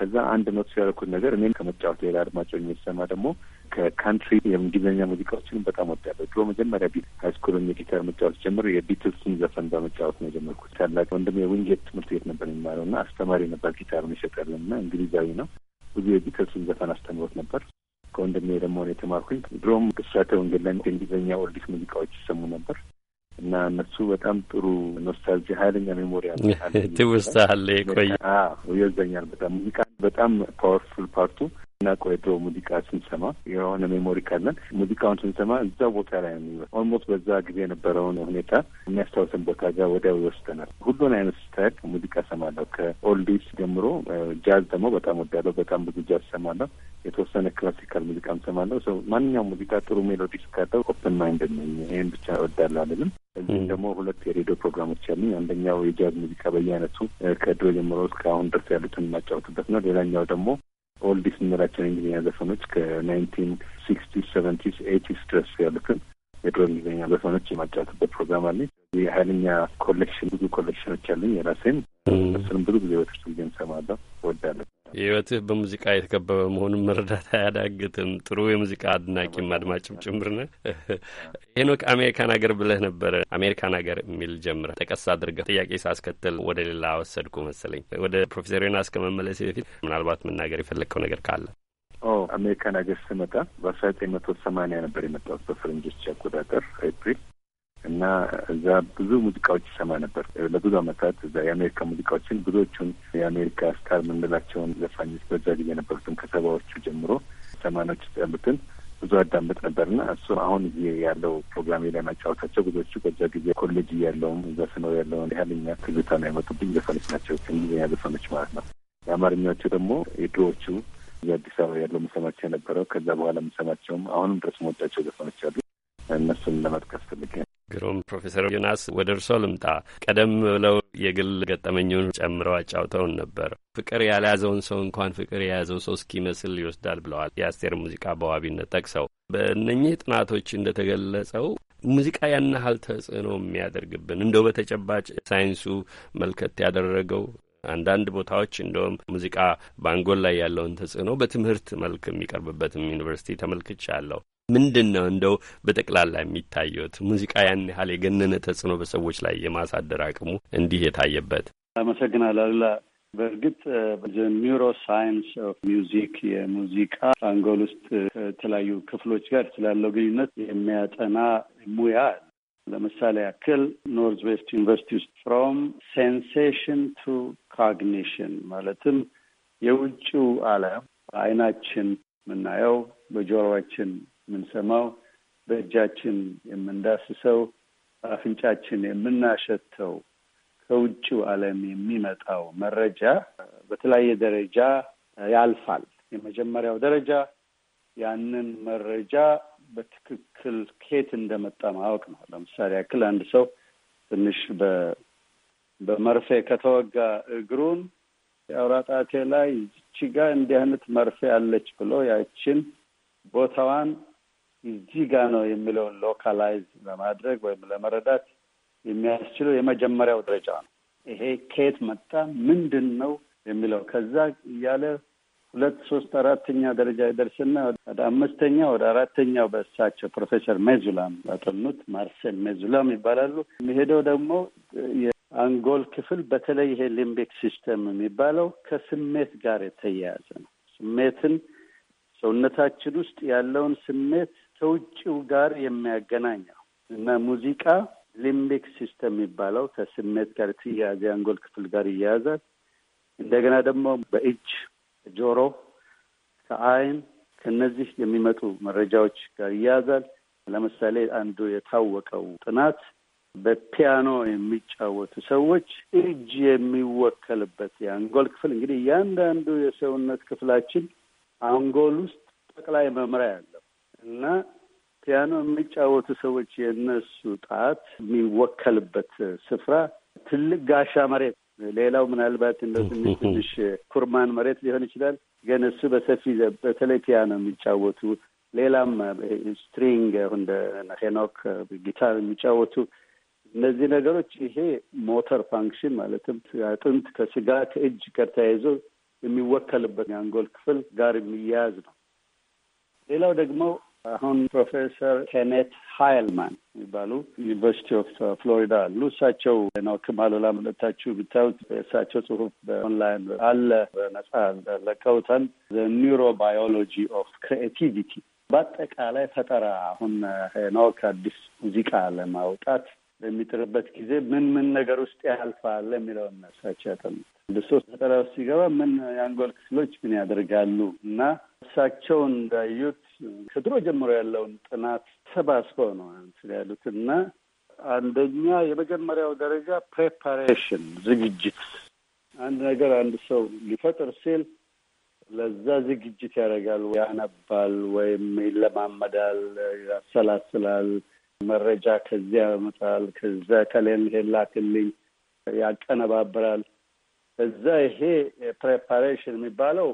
ከዛ አንድ ኖት ያደረኩት ነገር እኔም ከመጫወት ሌላ አድማጮ የሚሰማ ደግሞ ከካንትሪ የእንግሊዝኛ ሙዚቃዎችን በጣም ወዳለሁ። ድሮ መጀመሪያ ቢት ሀይስኩል የጊታር መጫወት ጀምሮ የቢትልስን ዘፈን በመጫወት ነው የጀመርኩት። ታላቅ ወንድም የዊንጌት ትምህርት ቤት ነበር የሚማረው እና አስተማሪ ነበር ጊታሩን ይሸጠልን እና እንግሊዛዊ ነው። ብዙ የቢትልስን ዘፈን አስተምሮት ነበር። ከወንድሜ ደግሞ ነው የተማርኩኝ። ድሮም ቅሳተ ወንጌል ላይ የእንግሊዝኛ ኦልዲስ ሙዚቃዎች ይሰሙ ነበር እና እነሱ በጣም ጥሩ ኖስታልጂ ሀይለኛ ሜሞሪያ ትውስታ አለ። ቆይ ይወዘኛል በጣም ሙዚቃ በጣም ፓወርፉል ፓርቱ እና ቆይ ሙዚቃ ስንሰማ የሆነ ሜሞሪ ካለን ሙዚቃውን ስንሰማ እዛው ቦታ ላይ ነው ኦልሞስት በዛ ጊዜ የነበረውን ሁኔታ የሚያስታውሰን ቦታ ጋር ወዲያው ይወስደናል። ሁሉን አይነት ስታይል ሙዚቃ ሰማለሁ። ከኦልዲስ ጀምሮ ጃዝ ደግሞ በጣም ወዳለሁ። በጣም ብዙ ጃዝ ሰማለሁ። የተወሰነ ክላሲካል ሙዚቃ ሰማለሁ። ሰው ማንኛውም ሙዚቃ ጥሩ ሜሎዲስ ካለው ኦፕን ማይንድ ነኝ። ይህን ብቻ እወዳለሁ አለንም። እዚህም ደግሞ ሁለት የሬዲዮ ፕሮግራሞች ያሉኝ፣ አንደኛው የጃዝ ሙዚቃ በየአይነቱ ከድሮ ጀምሮ እስከ አሁን ድረስ ያሉትን የማጫወትበት ነው። ሌላኛው ደግሞ ኦልዲስ እንላቸው የእንግሊዝኛ ዘፈኖች ከናይንቲን ሲክስቲስ ሰቨንቲስ ኤይቲስ ድረስ ያሉትን የድሮ እንግሊዝኛ ዘፈኖች የማጫወትበት ፕሮግራም አለኝ። የሀይለኛ ኮሌክሽን ብዙ ኮሌክሽኖች አለኝ የራሴን። እሱንም ብዙ ጊዜ በትርስ ጊዜ እንሰማለሁ እወዳለሁ። የህይወትህ በሙዚቃ የተከበበ መሆኑን መረዳት አያዳግትም። ጥሩ የሙዚቃ አድናቂም አድማጭም ጭምር ነህ። ሄኖክ አሜሪካን ሀገር ብለህ ነበረ። አሜሪካን ሀገር የሚል ጀምረ ጠቀስ አድርገህ ጥያቄ ሳስከትል ወደ ሌላ ወሰድኩ መሰለኝ። ወደ ፕሮፌሰር እስከ መመለሴ በፊት ምናልባት መናገር የፈለግከው ነገር ካለ አሜሪካን ሀገር ስመጣ በአስራ ዘጠኝ መቶ ሰማኒያ ነበር የመጣሁት በፈረንጆች አቆጣጠር ኤፕሪል እና እዛ ብዙ ሙዚቃዎች ይሰማ ነበር ለብዙ አመታት እዛ የአሜሪካ ሙዚቃዎችን ብዙዎቹን የአሜሪካ ስታር የምንላቸውን ዘፋኞች በዛ ጊዜ የነበሩትን ከሰባዎቹ ጀምሮ ሰማኖች ያሉትን ብዙ አዳምጥ ነበርና እሱ አሁን ጊዜ ያለው ፕሮግራም ላይ ማጫወታቸው ብዙዎቹ በዛ ጊዜ ኮሌጅ እያለውም እዛ ስኖር ያለውን ያህልኛ ትዝታ ነው ያመጡብኝ ዘፈኖች ናቸው። እንግሊዝኛ ዘፈኖች ማለት ነው። የአማርኛዎቹ ደግሞ የድሮዎቹ አዲስ አበባ ያለው የምሰማቸው የነበረው ከዛ በኋላ የምሰማቸውም አሁንም ድረስ መወዳቸው ዘፈኖች አሉ። እነሱን ለመጥቀስ ፈልጌ ነው። ግሩም ፕሮፌሰር ዮናስ ወደ እርሶ ልምጣ። ቀደም ብለው የግል ገጠመኙን ጨምረው አጫውተውን ነበር። ፍቅር ያልያዘውን ሰው እንኳን ፍቅር የያዘው ሰው እስኪመስል ይወስዳል ብለዋል። የአስቴር ሙዚቃ በዋቢነት ጠቅሰው በእነኚህ ጥናቶች እንደተገለጸው ሙዚቃ ያን ያህል ተጽዕኖ የሚያደርግብን እንደው በተጨባጭ ሳይንሱ መልከት ያደረገው አንዳንድ ቦታዎች እንደውም ሙዚቃ በአንጎል ላይ ያለውን ተጽዕኖ በትምህርት መልክ የሚቀርብበትም ዩኒቨርሲቲ ተመልክቻለሁ። ምንድን ነው እንደው በጠቅላላ የሚታየት ሙዚቃ ያን ያህል የገነነ ተጽዕኖ በሰዎች ላይ የማሳደር አቅሙ እንዲህ የታየበት? አመሰግናለሁ አሉላ። በእርግጥ ኒውሮ ሳይንስ ኦፍ ሚውዚክ የሙዚቃ አንጎል ውስጥ uh, ከተለያዩ ክፍሎች ጋር ስላለው ግንኙነት የሚያጠና ሙያ አለ። ለምሳሌ ያክል ኖርዝ ዌስት ዩኒቨርሲቲ ውስጥ ፍሮም ሴንሴሽን ቱ ኮግኒሽን ማለትም የውጭው ዓለም በአይናችን የምናየው በጆሮችን የምንሰማው፣ በእጃችን የምንዳስሰው፣ በአፍንጫችን የምናሸተው ከውጭው ዓለም የሚመጣው መረጃ በተለያየ ደረጃ ያልፋል። የመጀመሪያው ደረጃ ያንን መረጃ በትክክል ከየት እንደመጣ ማወቅ ነው። ለምሳሌ ያክል አንድ ሰው ትንሽ በመርፌ ከተወጋ እግሩን የአውራ ጣቴ ላይ እቺ ጋ እንዲህ አይነት መርፌ አለች ብሎ ያችን ቦታዋን እዚጋ ነው የሚለውን ሎካላይዝ ለማድረግ ወይም ለመረዳት የሚያስችለው የመጀመሪያው ደረጃ ነው። ይሄ ከየት መጣ፣ ምንድን ነው የሚለው ከዛ እያለ ሁለት ሶስት አራተኛ ደረጃ ይደርስና ወደ አምስተኛ ወደ አራተኛው በእሳቸው ፕሮፌሰር ሜዙላም ያጠኑት ማርሴል ሜዙላም ይባላሉ። የሚሄደው ደግሞ የአንጎል ክፍል በተለይ ይሄ ሊምቢክ ሲስተም የሚባለው ከስሜት ጋር የተያያዘ ነው። ስሜትን ሰውነታችን ውስጥ ያለውን ስሜት ከውጭው ጋር የሚያገናኝ ነው እና ሙዚቃ ሊምቢክ ሲስተም የሚባለው ከስሜት ጋር ትያያዝ የአንጎል ክፍል ጋር ይያያዛል። እንደገና ደግሞ በእጅ ጆሮ፣ ከአይን ከነዚህ የሚመጡ መረጃዎች ጋር ይያያዛል። ለምሳሌ አንዱ የታወቀው ጥናት በፒያኖ የሚጫወቱ ሰዎች እጅ የሚወከልበት የአንጎል ክፍል እንግዲህ እያንዳንዱ የሰውነት ክፍላችን አንጎል ውስጥ ጠቅላይ መምሪያ ያለ እና ፒያኖ የሚጫወቱ ሰዎች የእነሱ ጣት የሚወከልበት ስፍራ ትልቅ ጋሻ መሬት፣ ሌላው ምናልባት እንደ ትንሽ ትንሽ ኩርማን መሬት ሊሆን ይችላል። ግን እሱ በሰፊ በተለይ ፒያኖ የሚጫወቱ ሌላም ስትሪንግ እንደ ሄኖክ ጊታር የሚጫወቱ እነዚህ ነገሮች ይሄ ሞተር ፋንክሽን ማለትም አጥንት ከስጋ ከእጅ ጋር ተያይዞ የሚወከልበት የአንጎል ክፍል ጋር የሚያያዝ ነው። ሌላው ደግሞ አሁን ፕሮፌሰር ኬኔት ሃይልማን የሚባሉ ዩኒቨርሲቲ ኦፍ ፍሎሪዳ አሉ። እሳቸው ነው ክማሉላ መለታችሁ ብታዩት የእሳቸው ጽሁፍ በኦንላይን አለ፣ በነጻ ለቀውታል። ባዮሎጂ ኦፍ ክሬቲቪቲ በአጠቃላይ ፈጠራ አሁን ሄኖክ አዲስ ሙዚቃ ለማውጣት በሚጥርበት ጊዜ ምን ምን ነገር ውስጥ ያልፋል የሚለውን እሳቸው ያጠኑት ሶስት ፈጠራ ውስጥ ሲገባ ምን የአንጎል ክፍሎች ምን ያደርጋሉ እና እሳቸው እንዳዩት ከድሮ ጀምሮ ያለውን ጥናት ሰባስበው ነው እንትን ያሉት እና አንደኛ የመጀመሪያው ደረጃ ፕሬፓሬሽን ዝግጅት፣ አንድ ነገር አንድ ሰው ሊፈጥር ሲል ለዛ ዝግጅት ያደርጋል፣ ያነባል፣ ወይም ይለማመዳል፣ ያሰላስላል፣ መረጃ ከዚያ ያመጣል፣ ከዛ ከሌን ሄላክልኝ ያቀነባብራል። እዛ ይሄ ፕሬፓሬሽን የሚባለው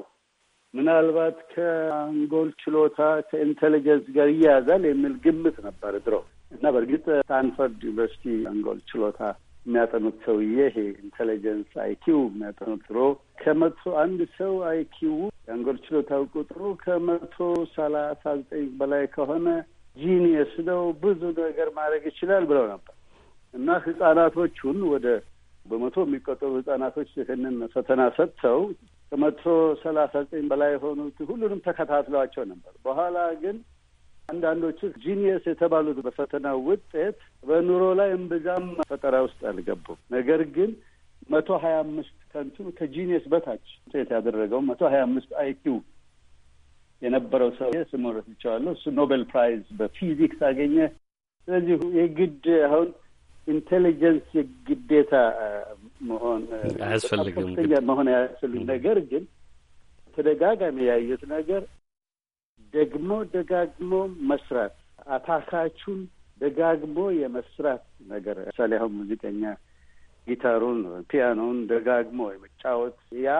ምናልባት ከአንጎል ችሎታ ከኢንቴሊጀንስ ጋር እያያዛል የሚል ግምት ነበር ድሮ እና በእርግጥ ስታንፈርድ ዩኒቨርሲቲ አንጎል ችሎታ የሚያጠኑት ሰውዬ ይሄ ኢንቴሊጀንስ አይኪው የሚያጠኑት ድሮ ከመቶ አንድ ሰው አይኪው የአንጎል ችሎታው ቁጥሩ ከመቶ ሰላሳ ዘጠኝ በላይ ከሆነ ጂኒየስ ነው፣ ብዙ ነገር ማድረግ ይችላል ብለው ነበር እና ህጻናቶቹን ወደ በመቶ የሚቆጠሩ ህጻናቶች ይህንን ፈተና ሰጥተው ከመቶ ሰላሳ ዘጠኝ በላይ የሆኑት ሁሉንም ተከታትለዋቸው ነበር። በኋላ ግን አንዳንዶቹ ጂኒየስ የተባሉት በፈተና ውጤት በኑሮ ላይ እምብዛም ፈጠራ ውስጥ አልገቡም። ነገር ግን መቶ ሀያ አምስት ከንቱ ከጂኒየስ በታች ውጤት ያደረገው መቶ ሀያ አምስት አይኪው የነበረው ሰው ስሙን ረስቸዋለሁ። እሱ ኖቤል ፕራይዝ በፊዚክስ አገኘ። ስለዚህ የግድ አሁን ኢንቴሊጀንስ የግዴታ መሆን አያስፈልግም መሆን አያስፈልግ። ነገር ግን ተደጋጋሚ ያየት ነገር ደግሞ ደጋግሞ መስራት አታካቹን ደጋግሞ የመስራት ነገር ለምሳሌ አሁን ሙዚቀኛ ጊታሩን፣ ፒያኖውን ደጋግሞ የመጫወት ያ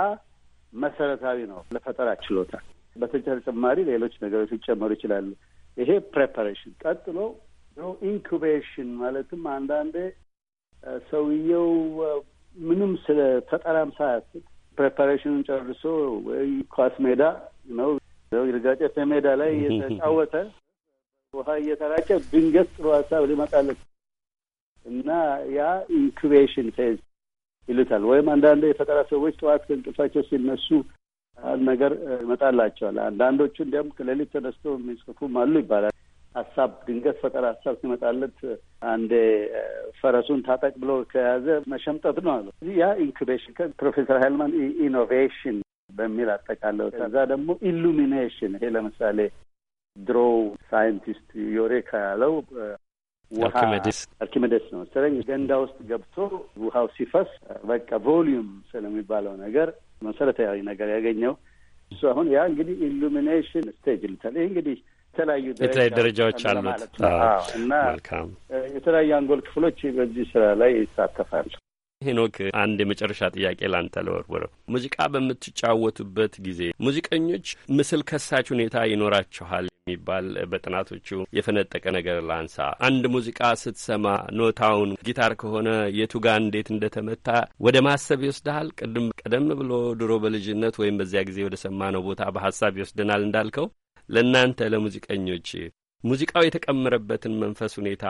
መሰረታዊ ነው ለፈጠራ ችሎታ። በተጨማሪ ሌሎች ነገሮች ሊጨመሩ ይችላሉ። ይሄ ፕሬፓሬሽን ቀጥሎ ኢንኩቤሽን ማለትም አንዳንዴ ሰውየው ምንም ስለ ፈጠራም ሳያስብ ፕሬፓሬሽኑን ጨርሶ ወይ ኳስ ሜዳ ነው ርጋጨፌ ሜዳ ላይ እየተጫወተ ውሃ እየተራጨ ድንገት ጥሩ ሀሳብ ሊመጣለት እና ያ ኢንኩቤሽን ፌዝ ይሉታል። ወይም አንዳንድ የፈጠራ ሰዎች ጠዋት ከእንቅልፋቸው ሲነሱ ነገር ይመጣላቸዋል። አንዳንዶቹ እንዲያውም ከሌሊት ተነስቶ የሚጽፉም አሉ ይባላል። ሀሳብ ድንገት ፈጠራ ሀሳብ ሲመጣለት አንዴ ፈረሱን ታጠቅ ብሎ ከያዘ መሸምጠት ነው አሉ። ያ ኢንኩቤሽን ከፕሮፌሰር ሀይልማን ኢኖቬሽን በሚል አጠቃለው። ከዛ ደግሞ ኢሉሚኔሽን ይሄ ለምሳሌ ድሮ ሳይንቲስት ዮሬካ ያለው ውሃ ነው መሰለኝ ገንዳ ውስጥ ገብቶ ውሃው ሲፈስ በቃ ቮሊዩም ስለሚባለው ነገር መሰረታዊ ነገር ያገኘው እሱ። አሁን ያ እንግዲህ ኢሉሚኔሽን ስቴጅ ልታል ይህ እንግዲህ የተለያዩ የተለያዩ ደረጃዎች አሉት እና የተለያዩ አንጎል ክፍሎች በዚህ ስራ ላይ ይሳተፋል። ሄኖክ አንድ የመጨረሻ ጥያቄ ላንተ ለወርወረው። ሙዚቃ በምትጫወቱበት ጊዜ ሙዚቀኞች ምስል ከሳች ሁኔታ ይኖራችኋል የሚባል በጥናቶቹ የፈነጠቀ ነገር ላንሳ። አንድ ሙዚቃ ስትሰማ ኖታውን፣ ጊታር ከሆነ የቱጋ እንዴት እንደተመታ ወደ ማሰብ ይወስድሃል። ቅድም ቀደም ብሎ ድሮ በልጅነት ወይም በዚያ ጊዜ ወደ ሰማነው ቦታ በሀሳብ ይወስደናል እንዳልከው ለእናንተ ለሙዚቀኞች ሙዚቃው የተቀመረበትን መንፈስ ሁኔታ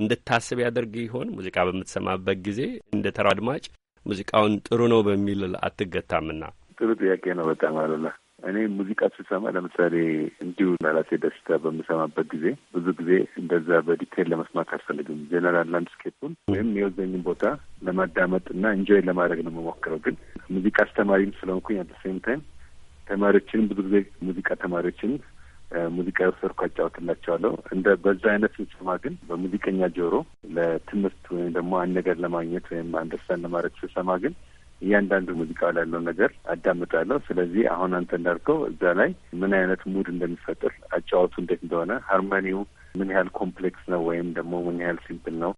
እንድታስብ ያደርግ ይሆን? ሙዚቃ በምትሰማበት ጊዜ እንደ ተራ አድማጭ ሙዚቃውን ጥሩ ነው በሚል አትገታምና። ጥሩ ጥያቄ ነው። በጣም አሉላ እኔ ሙዚቃ ስሰማ ለምሳሌ እንዲሁ ላላሴ ደስታ በምሰማበት ጊዜ ብዙ ጊዜ እንደዛ በዲቴል ለመስማት አልፈልግም። ጀነራል ላንድስኬፑን ወይም የወዘኝን ቦታ ለማዳመጥ እና ኢንጆይ ለማድረግ ነው የምሞክረው። ግን ሙዚቃ አስተማሪም ስለሆንኩኝ አት ሴም ታይም ተማሪዎችንም ብዙ ጊዜ ሙዚቃ ተማሪዎችን ሙዚቃ የወሰድኩ አጫወትላቸዋለሁ። እንደ በዛ አይነት ስንሰማ ግን በሙዚቀኛ ጆሮ ለትምህርት ወይም ደግሞ አንድ ነገር ለማግኘት ወይም አንደርስታንድ ለማድረግ ስንሰማ ግን እያንዳንዱ ሙዚቃ ላይ ያለው ነገር አዳምጣለሁ። ስለዚህ አሁን አንተ እንዳልከው እዛ ላይ ምን አይነት ሙድ እንደሚፈጥር አጫወቱ እንዴት እንደሆነ ሃርሞኒው ምን ያህል ኮምፕሌክስ ነው ወይም ደግሞ ምን ያህል ሲምፕል ነው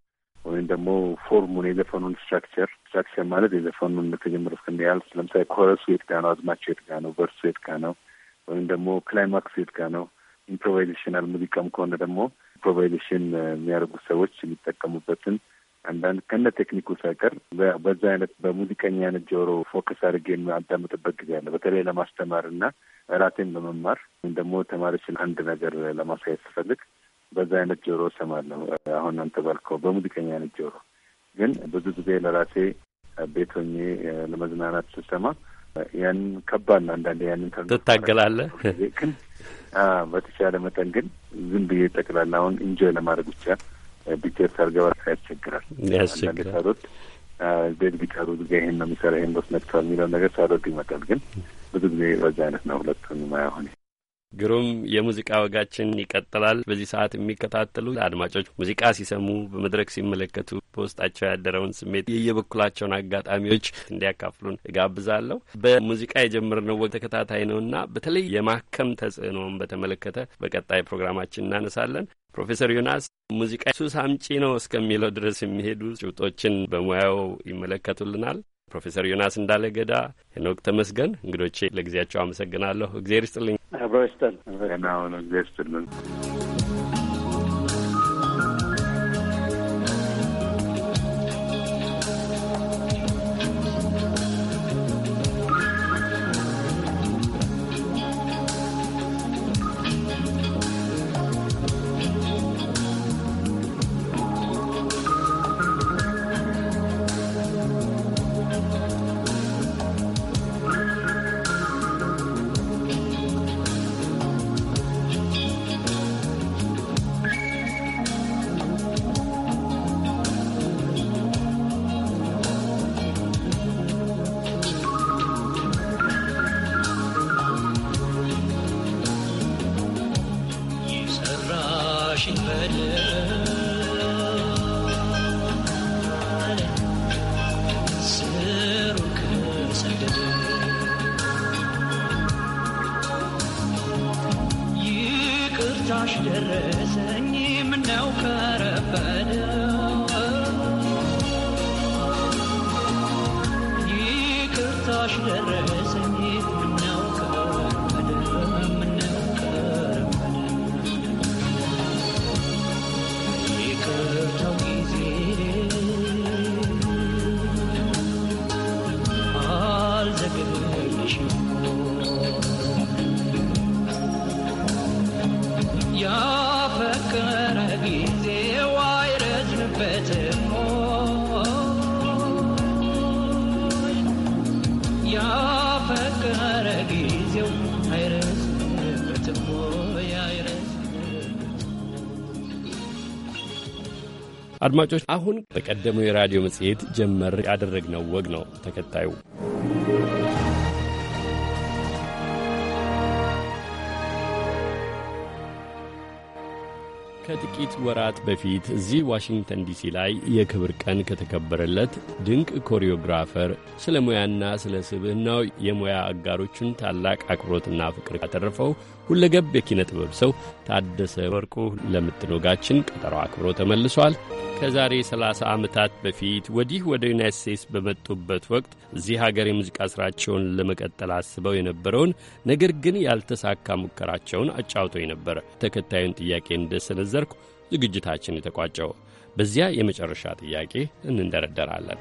ወይም ደግሞ ፎርሙን የዘፈኑን ስትራክቸር ስትራክቸር ማለት የዘፈኑን ተጀምሮ እስከ ያህል ለምሳሌ ኮረሱ የት ጋ ነው፣ አዝማቸው የት ጋ ነው፣ በርሱ የት ጋ ነው ወይም ደግሞ ክላይማክስ የት ጋ ነው፣ ኢምፕሮቫይዜሽናል ሙዚቃም ከሆነ ደግሞ ኢምፕሮቫይዜሽን የሚያደርጉ ሰዎች የሚጠቀሙበትን አንዳንድ ከነ ቴክኒኩ ሳይቀር በዛ አይነት በሙዚቀኛ አይነት ጆሮ ፎከስ አድርጌ የማዳምጥበት ጊዜ አለ። በተለይ ለማስተማር እና ራቴን ለመማር ወይም ደግሞ ተማሪዎችን አንድ ነገር ለማሳየት ስፈልግ በዛ አይነት ጆሮ እሰማለሁ። አሁን አንተ ባልከው በሙዚቀኛ አይነት ጆሮ ግን ብዙ ጊዜ ለራሴ ቤት ሆኜ ለመዝናናት ስሰማ ያንን ከባድ ነው። አንዳንዴ ያንን ትታገላለህ፣ ግን በተቻለ መጠን ግን ዝም ብዬ ይጠቅላል። አሁን እንጆይ ለማድረግ ብቻ ቢቴር ሳልገባ ያስቸግራል። አንዳንዴ ሳልወድ ቤት ቢቀሩ ጊዜ ይሄን ነው የሚሰራ ይሄን ቦስ ነግቷል የሚለው ነገር ሳልወድ ይመጣል። ግን ብዙ ጊዜ በዛ አይነት ነው ሁለቱን ማያሆን ግሩም የሙዚቃ ወጋችን ይቀጥላል። በዚህ ሰዓት የሚከታተሉ አድማጮች ሙዚቃ ሲሰሙ፣ በመድረክ ሲመለከቱ በውስጣቸው ያደረውን ስሜት የየበኩላቸውን አጋጣሚዎች እንዲያካፍሉን እጋብዛለሁ። በሙዚቃ የጀመርነው ወግ ተከታታይ ነውና በተለይ የማከም ተጽዕኖውን በተመለከተ በቀጣይ ፕሮግራማችን እናነሳለን። ፕሮፌሰር ዮናስ ሙዚቃ ሱስ አምጪ ነው እስከሚለው ድረስ የሚሄዱ ጭብጦችን በሙያው ይመለከቱልናል። ፕሮፌሰር ዮናስ እንዳለ ገዳ፣ ሄኖክ ተመስገን እንግዶቼ ለጊዜያቸው አመሰግናለሁ። እግዜር ይስጥልኝ። አብረስተን ሁን እግዜር ይስጥልን። አድማጮች፣ አሁን በቀደመው የራዲዮ መጽሔት ጀመር ያደረግነው ወግ ነው ተከታዩ። ከጥቂት ወራት በፊት እዚህ ዋሽንግተን ዲሲ ላይ የክብር ቀን ከተከበረለት ድንቅ ኮሪዮግራፈር ስለ ሙያና ስለ ስብዕናው የሙያ አጋሮቹን ታላቅ አክብሮትና ፍቅር ካተረፈው ሁለገብ የኪነ ጥበብ ሰው ታደሰ ወርቁ ለምትኖጋችን ቀጠሮ አክብሮ ተመልሷል። ከዛሬ 30 ዓመታት በፊት ወዲህ ወደ ዩናይት ስቴትስ በመጡበት ወቅት እዚህ ሀገር የሙዚቃ ሥራቸውን ለመቀጠል አስበው የነበረውን ነገር ግን ያልተሳካ ሙከራቸውን አጫውቶኝ ነበር። ተከታዩን ጥያቄ እንደሰነዘርኩ ዝግጅታችን የተቋጨው በዚያ የመጨረሻ ጥያቄ እንንደረደራለን።